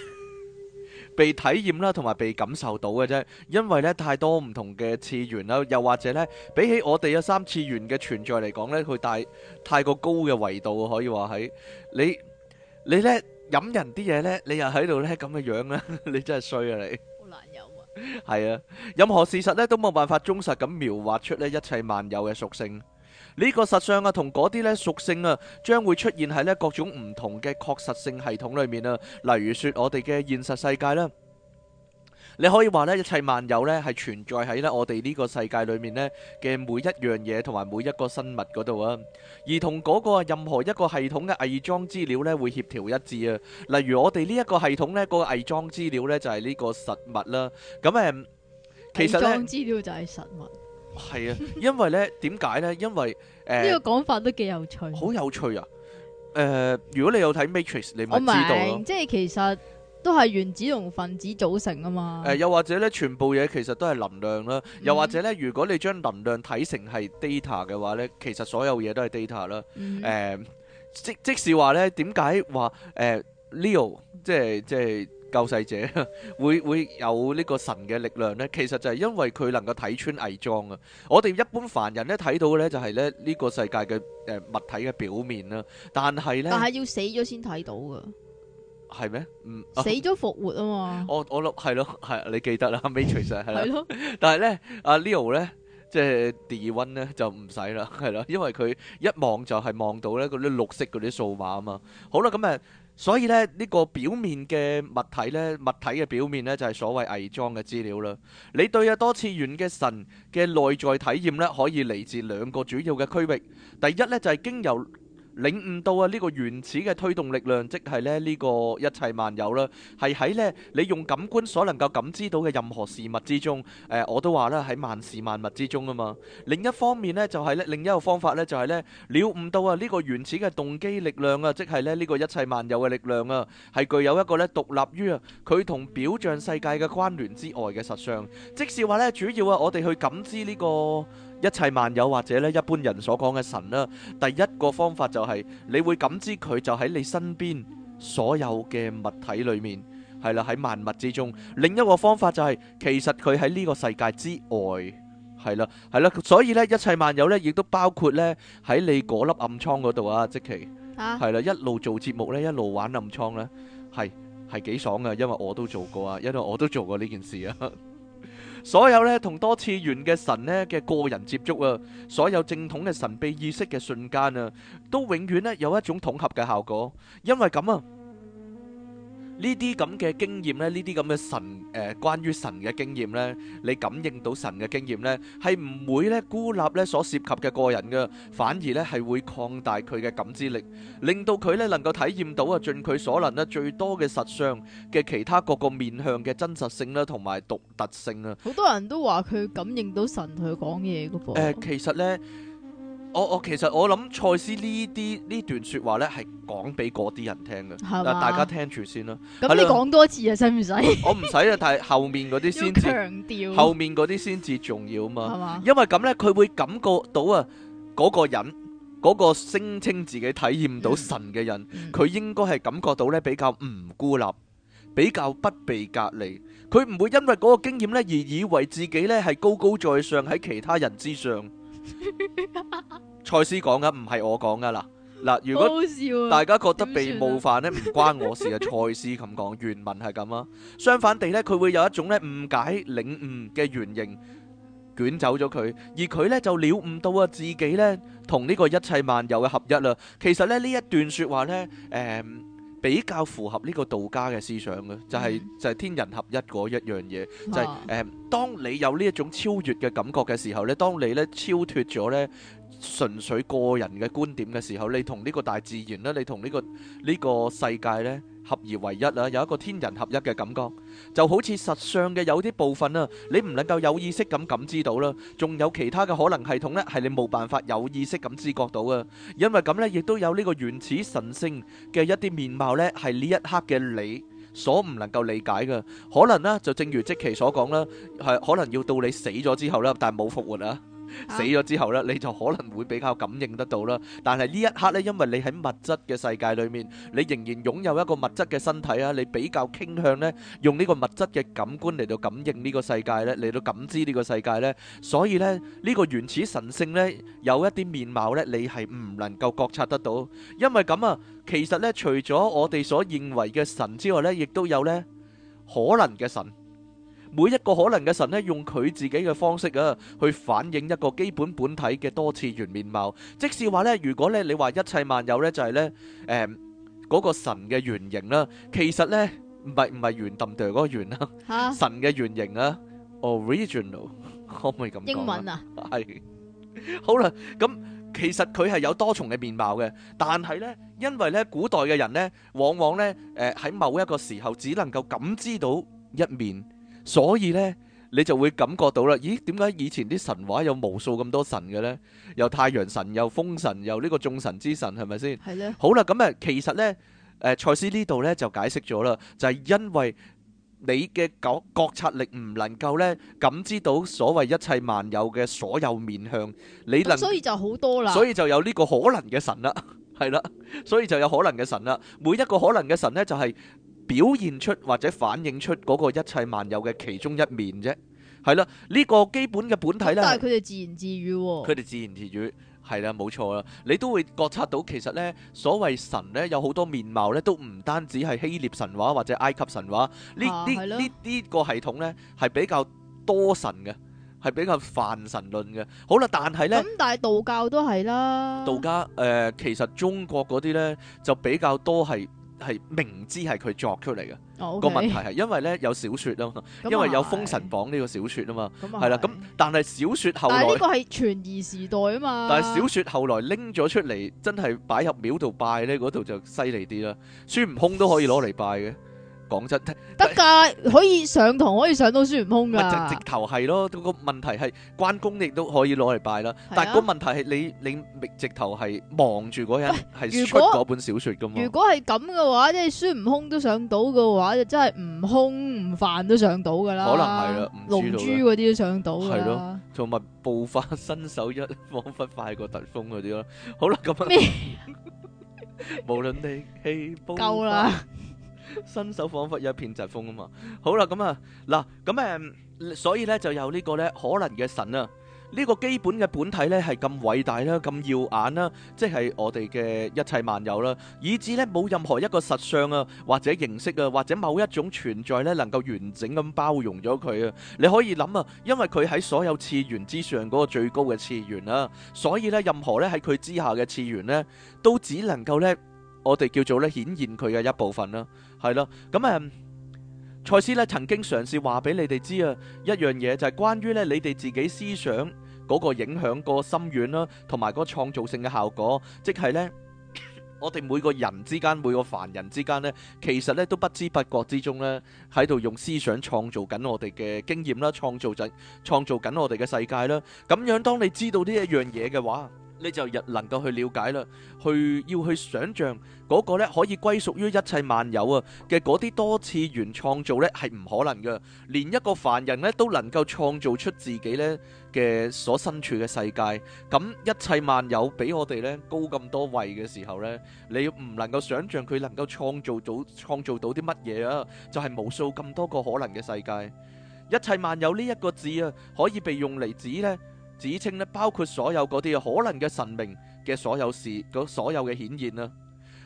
被體驗啦，同埋被感受到嘅啫，因為咧太多唔同嘅次元啦、啊，又或者咧比起我哋一三次元嘅存在嚟講咧，佢帶太過高嘅維度、啊、可以話係你。你呢，飲人啲嘢呢，你又喺度呢，咁嘅樣呢，你真係衰啊你！好難飲啊！係啊， *laughs* 啊，任何事實呢，都冇辦法忠實咁描畫出呢一切萬有嘅屬性。呢、這個實相啊，同嗰啲呢屬性啊，將會出現喺呢各種唔同嘅確實性系統裡面啊，例如説我哋嘅現實世界啦。你可以話咧，一切萬有咧係存在喺咧我哋呢個世界裏面咧嘅每一樣嘢同埋每一個生物嗰度啊。而同嗰個任何一個系統嘅偽裝資料咧會協調一致啊。例如我哋呢一個系統咧個偽裝資料咧就係呢個實物啦。咁、嗯、誒，其實咧資料就係實物，係 *laughs* 啊，因為咧點解咧？因為誒呢、呃、個講法都幾有趣，好有趣啊！誒、呃，如果你有睇 Matrix，你咪知道，即係其實。都係原子同分子組成啊嘛。誒、呃，又或者咧，全部嘢其實都係能量啦。嗯、又或者咧，如果你將能量睇成係 data 嘅話咧，其實所有嘢都係 data 啦。誒、嗯呃，即即是話咧，點解話誒 Leo 即係即係救世者會會有呢個神嘅力量咧？其實就係因為佢能夠睇穿偽裝啊！我哋一般凡人咧睇到咧就係咧呢個世界嘅誒、呃、物體嘅表面啦，但係咧，但係要死咗先睇到噶。係咩？嗯，死咗復活啊嘛！我我諗係咯，係，你記得啦，Matrix 係咯。但係咧，阿 Leo 咧，即係 The One 咧就唔使啦，係咯，因為佢一望就係望到咧嗰啲綠色嗰啲數碼啊嘛。好啦，咁啊，所以咧呢個表面嘅物體咧，物體嘅表面咧就係所謂偽裝嘅資料啦。你對啊多次元嘅神嘅內在體驗咧，可以嚟自兩個主要嘅區域。第一咧就係經由領悟到啊呢個原始嘅推動力量，即係咧呢個一切萬有啦，係喺咧你用感官所能夠感知到嘅任何事物之中。誒、呃，我都話啦，喺萬事萬物之中啊嘛。另一方面呢，就係、是、呢，另一個方法呢，就係呢：了悟到啊呢個原始嘅動機力量啊，即係咧呢個一切萬有嘅力量啊，係具有一個咧獨立於啊佢同表象世界嘅關聯之外嘅實相。即是話呢，主要啊我哋去感知呢、這個。一切萬有或者咧一般人所講嘅神咧，第一個方法就係你會感知佢就喺你身邊所有嘅物體裏面，係啦，喺萬物之中。另一個方法就係其實佢喺呢個世界之外，係啦係啦。所以咧一切萬有咧，亦都包括咧喺你嗰粒暗瘡嗰度啊，即其係啦，一路做節目咧，一路玩暗瘡咧，係係幾爽噶，因為我都做過啊，因為我都做過呢件事啊。所有呢同多次元嘅神呢嘅個人接觸啊，所有正統嘅神秘意識嘅瞬間啊，都永遠呢有一種統合嘅效果，因為咁啊。呢啲咁嘅經驗咧，呢啲咁嘅神誒，關於神嘅經驗咧，你感應到神嘅經驗咧，係唔會咧孤立咧所涉及嘅個人嘅，反而咧係會擴大佢嘅感知力，令到佢咧能夠體驗到啊，盡佢所能咧最多嘅實相嘅其他各個面向嘅真實性啦，同埋獨特性啊！好多人都話佢感應到神同佢講嘢嘅噃。誒，其實咧。我我其實我諗賽斯呢啲呢段説話呢係講俾嗰啲人聽嘅，嗱吧大家聽住先啦。咁你講多次啊，使唔使？我唔使啊，但係後面嗰啲先至， *laughs* 要調後面嗰啲先至重要啊嘛。吧因為咁呢，佢會感覺到啊，嗰、嗰個人嗰、嗰個聲稱自己體驗到神嘅人，佢、嗯、應該係感覺到呢比較唔孤立，比較不被隔離。佢唔會因為嗰個經驗咧而以為自己呢係高高在上喺其他人之上，賽斯講噶，唔係我講噶啦，嗱，如果大家覺得被冒犯呢，唔關我事嘅。賽斯咁講，原文係咁啊。相反地呢，佢會有一種呢誤解、領悟嘅原形捲走咗佢，而佢呢就了悟到啊自己呢同呢個一切萬有嘅合一啦。其實咧呢一段說話呢。誒、呃。比較符合呢個道家嘅思想嘅，就係就係天人合一嗰一樣嘢，就係誒，當你有呢一種超越嘅感覺嘅時候咧，當你咧超脫咗咧純粹個人嘅觀點嘅時候，你同呢個大自然咧，你同呢個呢個世界咧。合而為一啦，有一個天人合一嘅感覺，就好似實相嘅有啲部分啊，你唔能夠有意識咁感知到啦，仲有其他嘅可能系統咧，係你冇辦法有意識咁知覺到啊，因為咁咧，亦都有呢個原始神聖嘅一啲面貌咧，係呢一刻嘅你所唔能夠理解嘅，可能咧就正如即期所講啦，係可能要到你死咗之後啦，但係冇復活啊。死咗之後呢，你就可能會比較感應得到啦。但係呢一刻呢，因為你喺物質嘅世界裏面，你仍然擁有一個物質嘅身體啊，你比較傾向呢，用呢個物質嘅感官嚟到感應呢個世界呢，嚟到感知呢個世界呢。所以呢，呢個原始神性呢，有一啲面貌呢，你係唔能夠覺察得到。因為咁啊，其實呢，除咗我哋所認為嘅神之外呢，亦都有呢可能嘅神。每一個可能嘅神咧，用佢自己嘅方式啊，去反映一個基本本體嘅多次元面貌。即係話咧，如果咧你話一切萬有咧，就係咧誒嗰個神嘅原型啦。其實咧唔係唔係原鄧嗰個原啦，神嘅原型啊 original。可唔可以咁講？英文啊，係好啦。咁其實佢係有多重嘅面貌嘅，但係咧，因為咧古代嘅人咧，往往咧誒喺某一個時候只能夠感知到一面。所以呢，你就會感覺到啦。咦，點解以前啲神話有無數咁多神嘅呢？有太陽神，有風神，有呢個眾神之神，係咪先？係咧是的。好啦，咁啊，其實呢，誒、呃、賽斯呢度呢就解釋咗啦，就係、是、因為你嘅覺察力唔能夠呢感知到所謂一切萬有嘅所有面向，你能所以就好多啦，所以就有呢個可能嘅神啦，係 *laughs* 啦，所以就有可能嘅神啦。每一個可能嘅神呢，就係、是。表現出或者反映出嗰個一切萬有嘅其中一面啫，係啦，呢個基本嘅本體咧。都係佢哋自言自語喎、哦。佢哋自言自語係啦，冇錯啦，你都會覺察到其實咧，所謂神咧，有好多面貌咧，都唔單止係希臘神話或者埃及神話呢呢呢呢個系統咧，係比較多神嘅，係比較泛神論嘅。好啦，但係咧咁，但係道教都係啦。道家誒、呃，其實中國嗰啲咧就比較多係。係明知係佢作出嚟嘅，個問題係，因為咧有小説啊嘛，因為有《封神榜》呢個小説啊嘛，係啦。 *laughs* 咁 *laughs* 但係小説後來，呢個係傳疑時代啊嘛。但係小説後來拎咗出嚟，真係擺入廟度拜咧，嗰度就犀利啲啦。孫悟空都可以攞嚟拜嘅。 *laughs* 講真，得噶，可以上堂可以上到孫悟空噶，直頭係咯。個問題係關公亦都可以攞嚟拜啦，但係個問題係你你直頭係望住嗰人係骨嗰本小說噶嘛？如果係咁嘅話，即係孫悟空都上到嘅話，就真係悟空悟飯都上到噶啦。可能係啦，龍珠嗰啲都上到。係咯，同埋步伐新手一仿佛快過突風嗰啲啦。好啦，咁啊，無論你氣煲夠啦。新手仿佛一片疾風啊嘛，好啦咁啊嗱咁誒，所以咧就有呢個咧可能嘅神啊，呢個基本嘅本體咧係咁偉大啦，咁耀眼啦，即係我哋嘅一切萬有啦，以至咧冇任何一個實相啊，或者形式啊，或者某一種存在咧，能夠完整咁包容咗佢啊。你可以諗啊，因為佢喺所有次元之上嗰個最高嘅次元啦、啊，所以咧任何咧喺佢之下嘅次元咧，都只能夠咧。我哋叫做咧，顯現佢嘅一部分啦，係啦。咁、嗯、誒，賽斯咧曾經嘗試話俾你哋知啊，一樣嘢就係關於咧你哋自己思想嗰個影響心軟個心願啦，同埋嗰創造性嘅效果，即係呢，我哋每個人之間，每個凡人之間呢，其實呢都不知不覺之中呢喺度用思想創造緊我哋嘅經驗啦，創造緊，創造緊我哋嘅世界啦。咁樣當你知道呢一樣嘢嘅話，你就日能夠去了解啦，去要去想象嗰個咧可以歸屬於一切萬有啊嘅嗰啲多次元創造咧係唔可能嘅，連一個凡人咧都能夠創造出自己咧嘅所身處嘅世界。咁一切萬有比我哋咧高咁多位嘅時候咧，你唔能夠想象佢能夠創造到創造到啲乜嘢啊？就係無數咁多個可能嘅世界。一切萬有呢一個字啊，可以被用嚟指咧。指稱咧，包括所有嗰啲可能嘅神明嘅所有事，所有嘅顯現啦。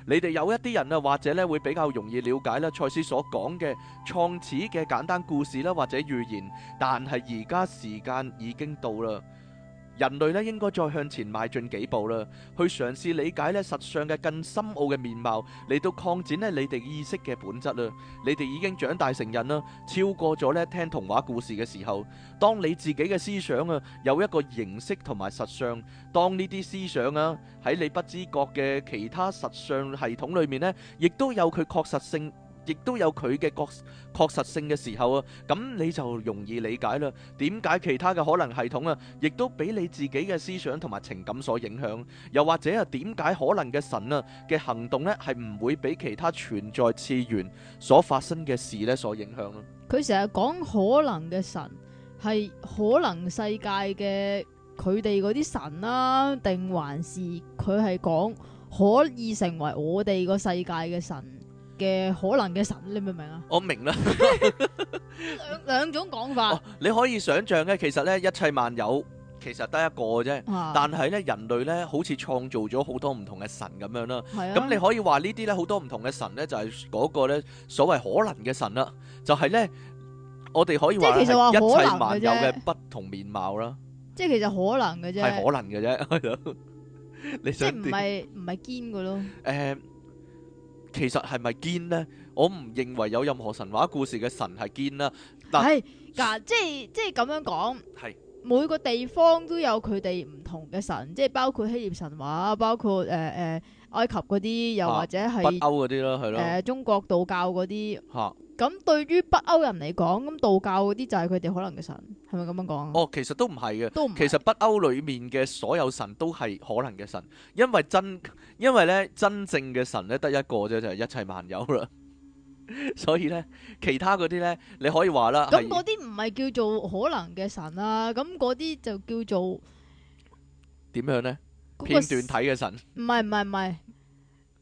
你哋有一啲人啊，或者咧會比較容易了解啦，賽斯所講嘅創始嘅簡單故事啦，或者預言。但係而家時間已經到啦。人類咧應該再向前邁進幾步啦，去嘗試理解咧實相嘅更深奧嘅面貌，嚟到擴展咧你哋意識嘅本質啦。你哋已經長大成人啦，超過咗咧聽童話故事嘅時候，當你自己嘅思想啊有一個形式同埋實相，當呢啲思想啊喺你不知覺嘅其他實相系統裏面咧，亦都有佢確實性，亦都有佢嘅確確實性嘅時候啊，咁你就容易理解啦。點解其他嘅可能系統啊，亦都俾你自己嘅思想同埋情感所影響，又或者啊，點解可能嘅神啊嘅行動咧係唔會俾其他存在次元所發生嘅事咧所影響咯？佢成日講可能嘅神係可能世界嘅佢哋嗰啲神啦，啊，定還是佢係講可以成為我哋個世界嘅神？嘅可能嘅神，你明唔明啊？我明啦，兩兩種講法。你可以想象咧，其實咧一切萬有其實得一個啫，但係咧人類咧好似創造咗好多唔同嘅神咁樣啦。係啊。咁你可以話呢啲咧好多唔同嘅神咧就係嗰個咧所謂可能嘅神啦，就係咧我哋可以話，即係其實話可能一切萬有嘅不同面貌啦。即係其實可能嘅啫，係可能嘅啫。你想，即係唔係唔係堅嘅咯？誒。其實係咪堅呢？我唔認為有任何神話故事嘅神係堅啦。但係，即係即係咁樣講。係是每個地方都有佢哋唔同嘅神，即係包括希臘神話，包括誒誒、呃呃、埃及嗰啲，又或者係北歐嗰啲咯，係咯、啊呃。中國道教嗰啲。啊咁對於北歐人嚟講，咁道教嗰啲就係佢哋可能嘅神，係咪咁樣講？哦，其實都唔係嘅，都唔，其實北歐裏面嘅所有神都係可能嘅神，因為真因為咧真正嘅神咧得一個啫，就係、是、一切萬有啦。 *laughs* 所以咧，其他嗰啲咧，你可以話啦。咁嗰啲唔係叫做可能嘅神啦、啊，咁嗰啲就叫做點樣咧？片段體嘅神。唔係唔係唔係。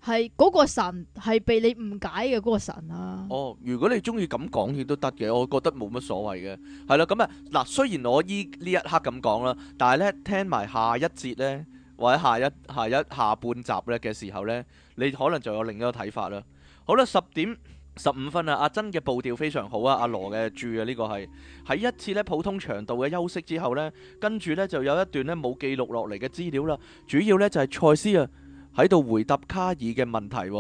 係嗰個神係被你誤解嘅嗰個神啊！哦，如果你中意咁講亦都得嘅，我覺得冇乜所謂嘅。係啦，咁啊嗱，雖然我依呢一刻咁講啦，但係咧聽埋下一節咧，或者下一下一，下一，下半集咧嘅時候咧，你可能就有另一個睇法啦。好啦，十點十五分啊！阿珍嘅步調非常好啊，啊！阿羅嘅註啊，呢個係喺一次咧普通長度嘅休息之後咧，跟住咧就有一段咧冇記錄落嚟嘅資料啦。主要咧就係賽斯啊。喺度回答卡爾嘅問題，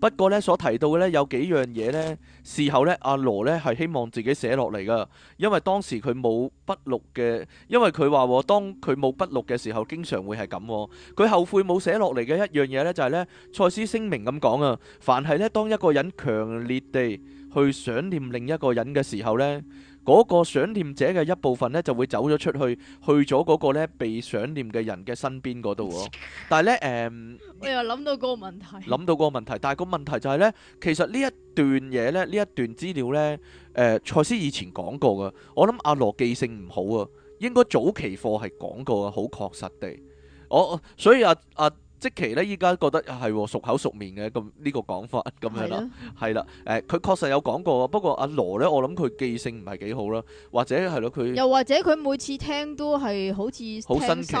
不過呢，所提到嘅呢有幾樣嘢呢。事後呢，阿羅呢係希望自己寫落嚟噶，因為當時佢冇筆錄嘅，因為佢話當佢冇筆錄嘅時候，經常會係咁，佢後悔冇寫落嚟嘅一樣嘢呢，就係呢賽斯聲明咁講啊，「凡係呢，當一個人強烈地去想念另一個人嘅時候呢。」嗰個想念者嘅一部分呢，就會走咗出去，去咗嗰個呢被想念嘅人嘅身邊嗰度。但係呢，誒、嗯，我又諗到個問題，諗到個問題。但係個問題就係呢，其實呢一段嘢呢，呢一段資料呢，賽、呃、斯以前講過嘅。我諗阿羅記性唔好啊，應該早期課係講過嘅，好確實地。我所以阿、啊、阿。啊即其咧依家覺得係熟口熟面嘅，咁呢個講法咁樣啦，係啦的，誒佢、欸、確實有講過，不過阿羅咧我諗佢記性唔係幾好啦，或者係咯佢又或者佢每次聽都係好似好新奇一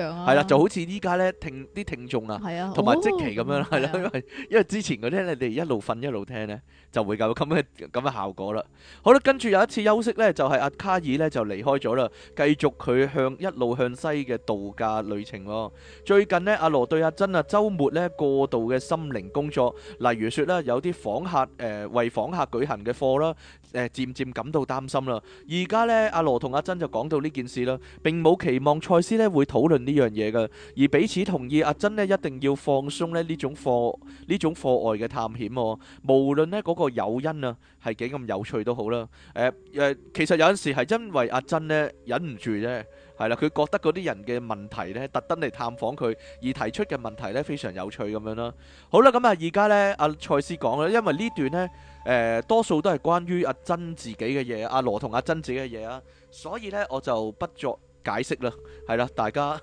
樣啊，係啦、啊，就好似依家咧聽啲聽、聽眾啊，同埋即其咁樣係啦，因為、哦、的因為之前嗰啲咧你哋一路瞓一路聽咧。就會有咁嘅咁嘅效果啦。好啦，跟住有一次休息呢，就係、是、阿卡爾呢就離開咗啦，繼續佢向一路向西嘅度假旅程咯。最近呢，阿羅對阿珍啊，周末呢過度嘅心靈工作，例如說呢，有啲訪客誒、呃、為訪客舉行嘅課啦。誒漸漸感到擔心啦，而家咧阿羅同阿珍就講到呢件事啦，並冇期望賽斯咧會討論呢樣嘢嘅，而彼此同意阿珍咧一定要放鬆咧呢種課呢種課外嘅探險，無論咧嗰個誘因啊係幾咁有趣都好啦。誒誒，其實有陣時係因為阿珍咧忍唔住啫，係啦，佢覺得嗰啲人嘅問題咧特登嚟探訪佢，而提出嘅問題咧非常有趣咁樣啦。好啦，咁啊，而家咧阿賽斯講啦，因為呢段咧。誒、呃、多數都係關於阿珍自己嘅嘢，阿羅同阿珍自己嘅嘢啊，所以呢，我就不作解釋啦。係啦，大家。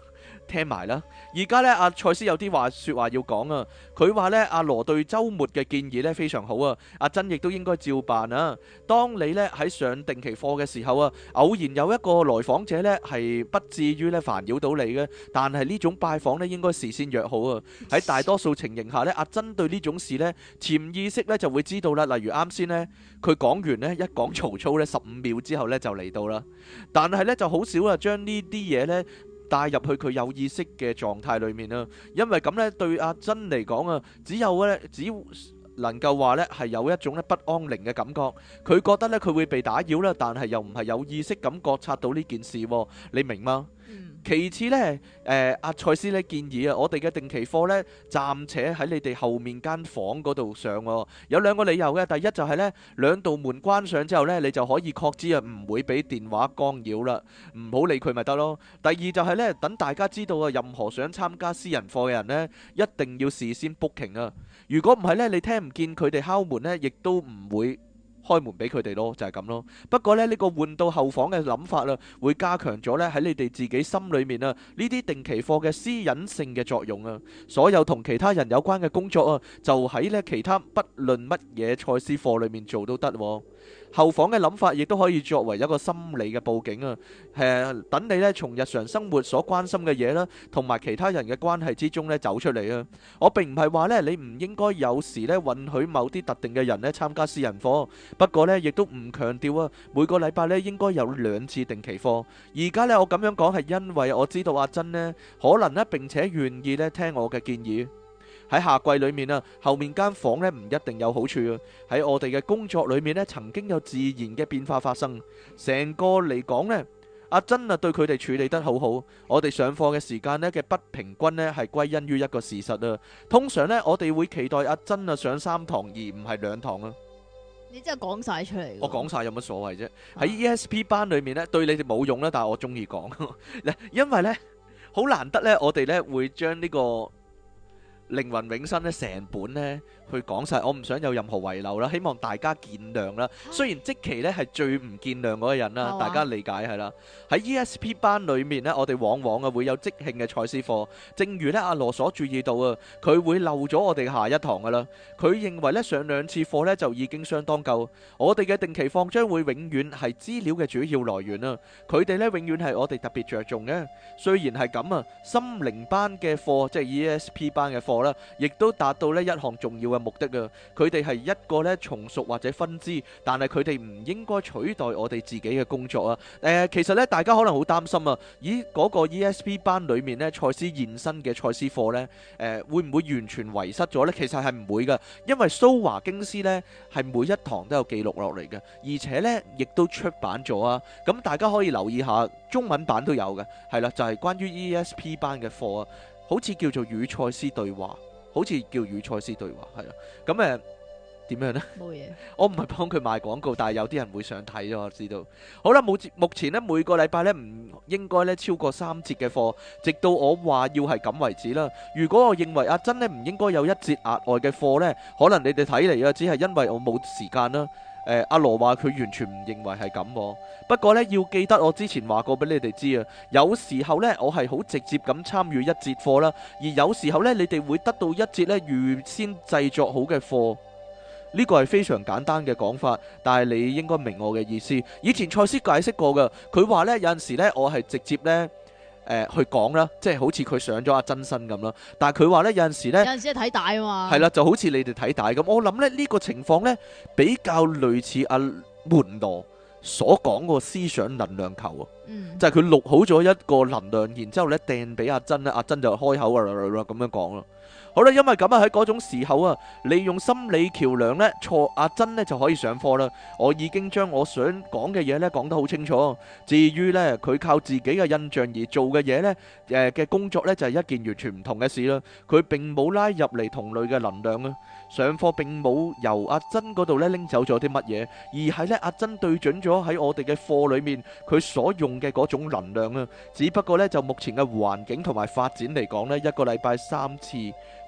聽埋啦，而家呢，阿賽斯有啲話說話要講啊，佢話呢，阿、啊、羅對周末嘅建議呢，非常好啊，阿珍亦都應該照辦啊。當你呢喺上定期課嘅時候啊，偶然有一個來訪者呢，係不至於呢煩擾到你嘅，但係呢種拜訪呢，應該事先約好啊。喺大多數情形下呢，阿、啊、珍對呢種事呢潛意識呢就會知道啦。例如啱先呢，佢講完呢一講曹操呢十五秒之後呢，就嚟到啦，但係呢，就好少啊將呢啲嘢呢。.帶入去佢有意識嘅狀態裏面啊，因為咁呢，對阿珍嚟講啊，只有呢只能夠話呢係有一種呢不安寧嘅感覺，佢覺得呢，佢會被打擾啦，但係又唔係有意識咁覺察到呢件事，你明嗎？其次呢，誒阿賽斯呢建議啊，我哋嘅定期課呢暫且喺你哋後面間房嗰度上、哦。有兩個理由嘅，第一就係呢兩道門關上之後呢，你就可以確知啊唔會俾電話干擾啦，唔好理佢咪得咯。第二就係呢，等大家知道啊，任何想參加私人課嘅人呢，一定要事先 booking 啊。如果唔係呢，你聽唔見佢哋敲門呢，亦都唔會。開門俾佢哋咯，就係、是、咁咯。不過呢，呢、這個換到後房嘅諗法啦、啊，會加強咗呢喺你哋自己心裏面啊呢啲定期課嘅私隱性嘅作用啊。所有同其他人有關嘅工作啊，就喺呢其他不論乜嘢賽斯課裏面做都得、啊。後房嘅諗法亦都可以作為一個心理嘅報警啊！誒，等你咧從日常生活所關心嘅嘢啦，同埋其他人嘅關係之中咧走出嚟啊！我並唔係話咧你唔應該有時咧允許某啲特定嘅人咧參加私人課，不過咧亦都唔強調啊！每個禮拜咧應該有兩次定期課。而家咧我咁樣講係因為我知道阿珍咧可能咧並且願意咧聽我嘅建議。喺夏季裏面啊，後面間房咧唔一定有好處啊。喺我哋嘅工作裏面咧，曾經有自然嘅變化發生。成個嚟講咧，阿珍啊對佢哋處理得好好。我哋上課嘅時間咧嘅不平均咧係歸因於一個事實啊。通常咧我哋會期待阿珍啊上三堂而唔係兩堂啊。你真係講晒出嚟嘅。我講晒有乜所謂啫？喺 ESP 班裏面咧，對你哋冇用咧，但係我中意講。嗱，因為咧好難得咧，我哋咧會將呢個。靈魂永生咧，成本咧去講曬，我唔想有任何遺漏啦，希望大家見諒啦。雖然即期咧係最唔見諒嗰個人啦，大家理解係啦。喺 E S P 班裏面咧，我哋往往啊會有即興嘅賽斯課。正如咧阿羅所注意到啊，佢會漏咗我哋下一堂噶啦。佢認為咧上兩次課咧就已經相當夠。我哋嘅定期課將會永遠係資料嘅主要來源啦。佢哋咧永遠係我哋特別著重嘅。雖然係咁啊，心靈班嘅課即係 E S P 班嘅課。亦都達到呢一項重要嘅目的啊。佢哋係一個咧從屬或者分支，但係佢哋唔應該取代我哋自己嘅工作啊。誒、呃，其實呢，大家可能好擔心啊。咦，嗰、那個 ESP 班裏面呢，賽斯現身嘅賽斯課呢，誒、呃，會唔會完全遺失咗呢？其實係唔會噶因為蘇華經師呢係每一堂都有記錄落嚟嘅，而且呢亦都出版咗啊。咁大家可以留意下中文版都有嘅，係啦，就係、是、關於 ESP 班嘅課啊。好似叫做與賽斯對話，好似叫與賽斯對話，係啊，咁誒，點、呃、樣呢？冇嘢，我唔係幫佢賣廣告，但係有啲人會想睇啊。我知道。好啦，冇目前呢，每個禮拜呢，唔應該呢超過三節嘅課，直到我話要係咁為止啦。如果我認為啊，真係唔應該有一節額外嘅課呢，可能你哋睇嚟啊，只係因為我冇時間啦。阿、呃、羅話佢完全唔認為係咁，不過呢，要記得我之前話過俾你哋知啊，有時候呢，我係好直接咁參與一節課啦，而有時候呢，你哋會得到一節呢預先製作好嘅課，呢個係非常簡單嘅講法，但係你應該明我嘅意思。以前賽斯解釋過嘅，佢話呢，有陣時呢，我係直接呢，誒、呃、去講啦，即係好似佢上咗阿真身咁啦，但係佢話呢，有陣時呢，有陣時係睇大啊嘛，係啦，就好似你哋睇大咁，我諗咧呢、呢個情況呢，比較類似阿門羅所講個思想能量球啊。就係佢錄好咗一個能量，然之後咧掟俾阿珍咧，阿珍就開口咁樣講咯。好啦，因為咁啊，喺嗰種時候啊，利用心理橋樑咧，助阿珍咧就可以上課啦。我已經將我想講嘅嘢咧講得好清楚。至於咧佢靠自己嘅印象而做嘅嘢咧，誒嘅工作咧就係一件完全唔同嘅事啦。佢並冇拉入嚟同類嘅能量啊，上課並冇由阿珍嗰度咧拎走咗啲乜嘢，而係咧阿珍對準咗喺我哋嘅課裏面，佢所用嘅嗰種能量啊，只不過呢，就目前嘅環境同埋發展嚟講呢，一個禮拜三次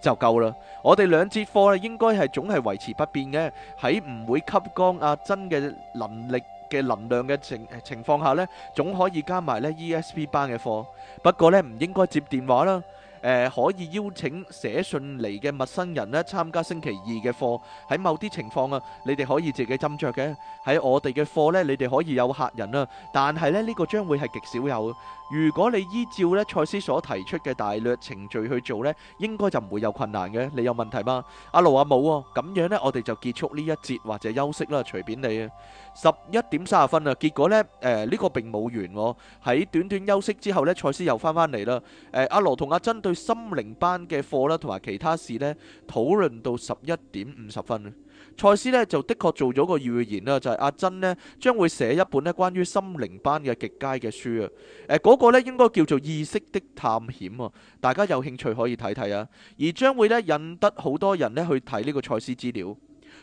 就夠啦。我哋兩節課呢，應該係總係維持不變嘅，喺唔會吸光阿珍嘅能力嘅能量嘅情情況下呢，總可以加埋呢 ESP 班嘅課。不過呢，唔應該接電話啦。誒、呃、可以邀請寫信嚟嘅陌生人呢參加星期二嘅課。喺某啲情況啊，你哋可以自己斟酌嘅。喺我哋嘅課呢，你哋可以有客人啦，但係呢呢、呢個將會係極少有。如果你依照咧賽斯所提出嘅大略程序去做咧，應該就唔會有困難嘅。你有問題嗎？阿羅話冇喎，咁樣咧，我哋就結束呢一節或者休息啦，隨便你啊。十一點三十分啦，結果呢，誒、呃、呢、這個並冇完喎。喺短短休息之後呢，賽斯又翻返嚟啦。誒、呃，阿羅同阿珍對心靈班嘅課啦，同埋其他事呢，討論到十一點五十分。賽斯咧就的確做咗個預言啦，就係、是、阿珍咧將會寫一本咧關於心靈班嘅極佳嘅書啊！誒、呃、嗰、那個咧應該叫做《意識的探險》啊，大家有興趣可以睇睇啊，而將會咧引得好多人咧去睇呢個賽斯資料。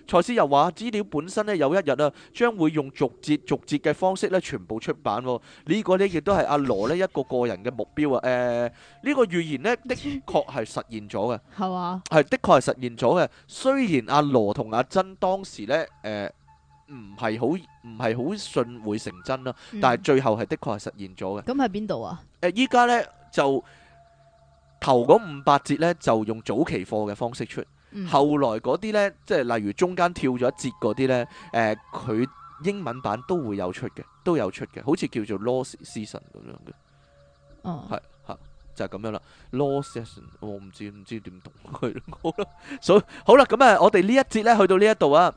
賽斯又話：資料本身咧有一日啊，將會用逐節逐節嘅方式咧全部出版。呢、這個呢亦都係阿羅咧一個個人嘅目標啊。誒、 *laughs* 呃，呢、這個預言呢，的確係實現咗嘅，係嘛？係的確係實現咗嘅。吧雖然阿羅同阿珍當時呢，誒唔係好唔係好信會成真啦，但係最後係的確係實現咗嘅。咁係邊度啊？誒、呃，依家呢，就頭嗰五百節呢，就用早期課嘅方式出。後來嗰啲咧，即係例如中間跳咗一節嗰啲咧，誒、呃，佢英文版都會有出嘅，都有出嘅，好似叫做 Loss Season 咁樣嘅，哦，係，吓，就係、是、咁樣啦。Loss Season，我唔知唔知點讀佢， *laughs* 好啦，所好啦，咁啊，我哋呢一節咧，去到呢一度啊。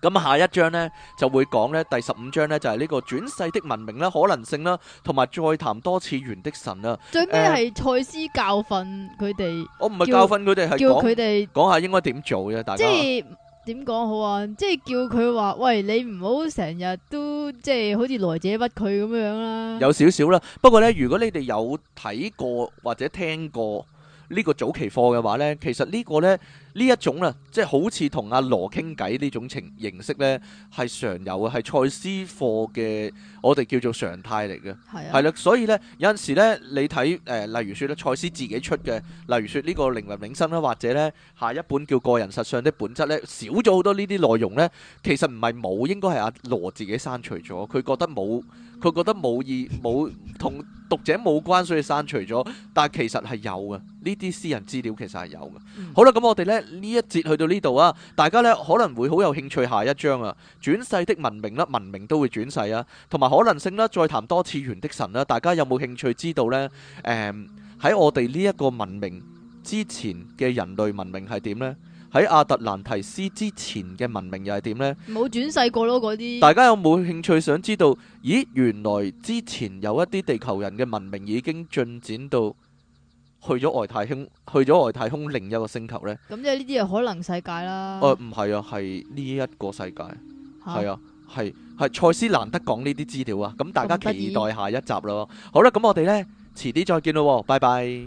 咁下一章呢，就會講呢。第十五章呢，就係、是、呢、這個轉世的文明啦，可能性啦，同埋再談多次元的神啦。最尾係賽斯教訓佢哋，呃、我唔係教訓佢哋，係叫佢哋講下應該點做啫。就是、大家即係點講好啊？即、就、係、是、叫佢話，喂，你唔、就是、好成日都即係好似來者不拒咁樣啦、啊。有少少啦。不過呢，如果你哋有睇過或者聽過呢個早期課嘅話呢，其實呢個呢。呢一種啊，即係好似同阿羅傾偈呢種情形式咧，係常有嘅，係賽斯課嘅我哋叫做常態嚟嘅，係啦是、啊。所以咧，有陣時咧，你睇誒例如說咧，賽斯自己出嘅，例如說呢個靈魂永生啦，或者咧下一本叫個人實相的本質咧，少咗好多呢啲內容咧，其實唔係冇，應該係阿羅自己刪除咗，佢覺得冇，佢覺得冇意冇同讀者冇關，所以刪除咗。但係其實係有嘅，呢啲私人資料其實係有嘅。嗯、好啦，咁我哋咧。呢一節去到呢度啊，大家呢可能會好有興趣下一章啊，轉世的文明啦，文明都會轉世啊，同埋可能性啦，再談多次元的神啦，大家有冇興趣知道呢？誒，喺我哋呢一個文明之前嘅人類文明係點呢？喺阿特蘭提斯之前嘅文明又係點呢？冇轉世過咯，嗰啲。大家有冇興趣想知道？咦，原來之前有一啲地球人嘅文明已經進展到。去咗外太空，去咗外太空另一個星球呢？咁即係呢啲係可能世界啦。哦、呃，唔係啊，係呢一個世界，係啊，係係。賽斯難得講呢啲資料啊，咁大家期待下一集啦。好啦，咁我哋呢，遲啲再見咯，拜拜。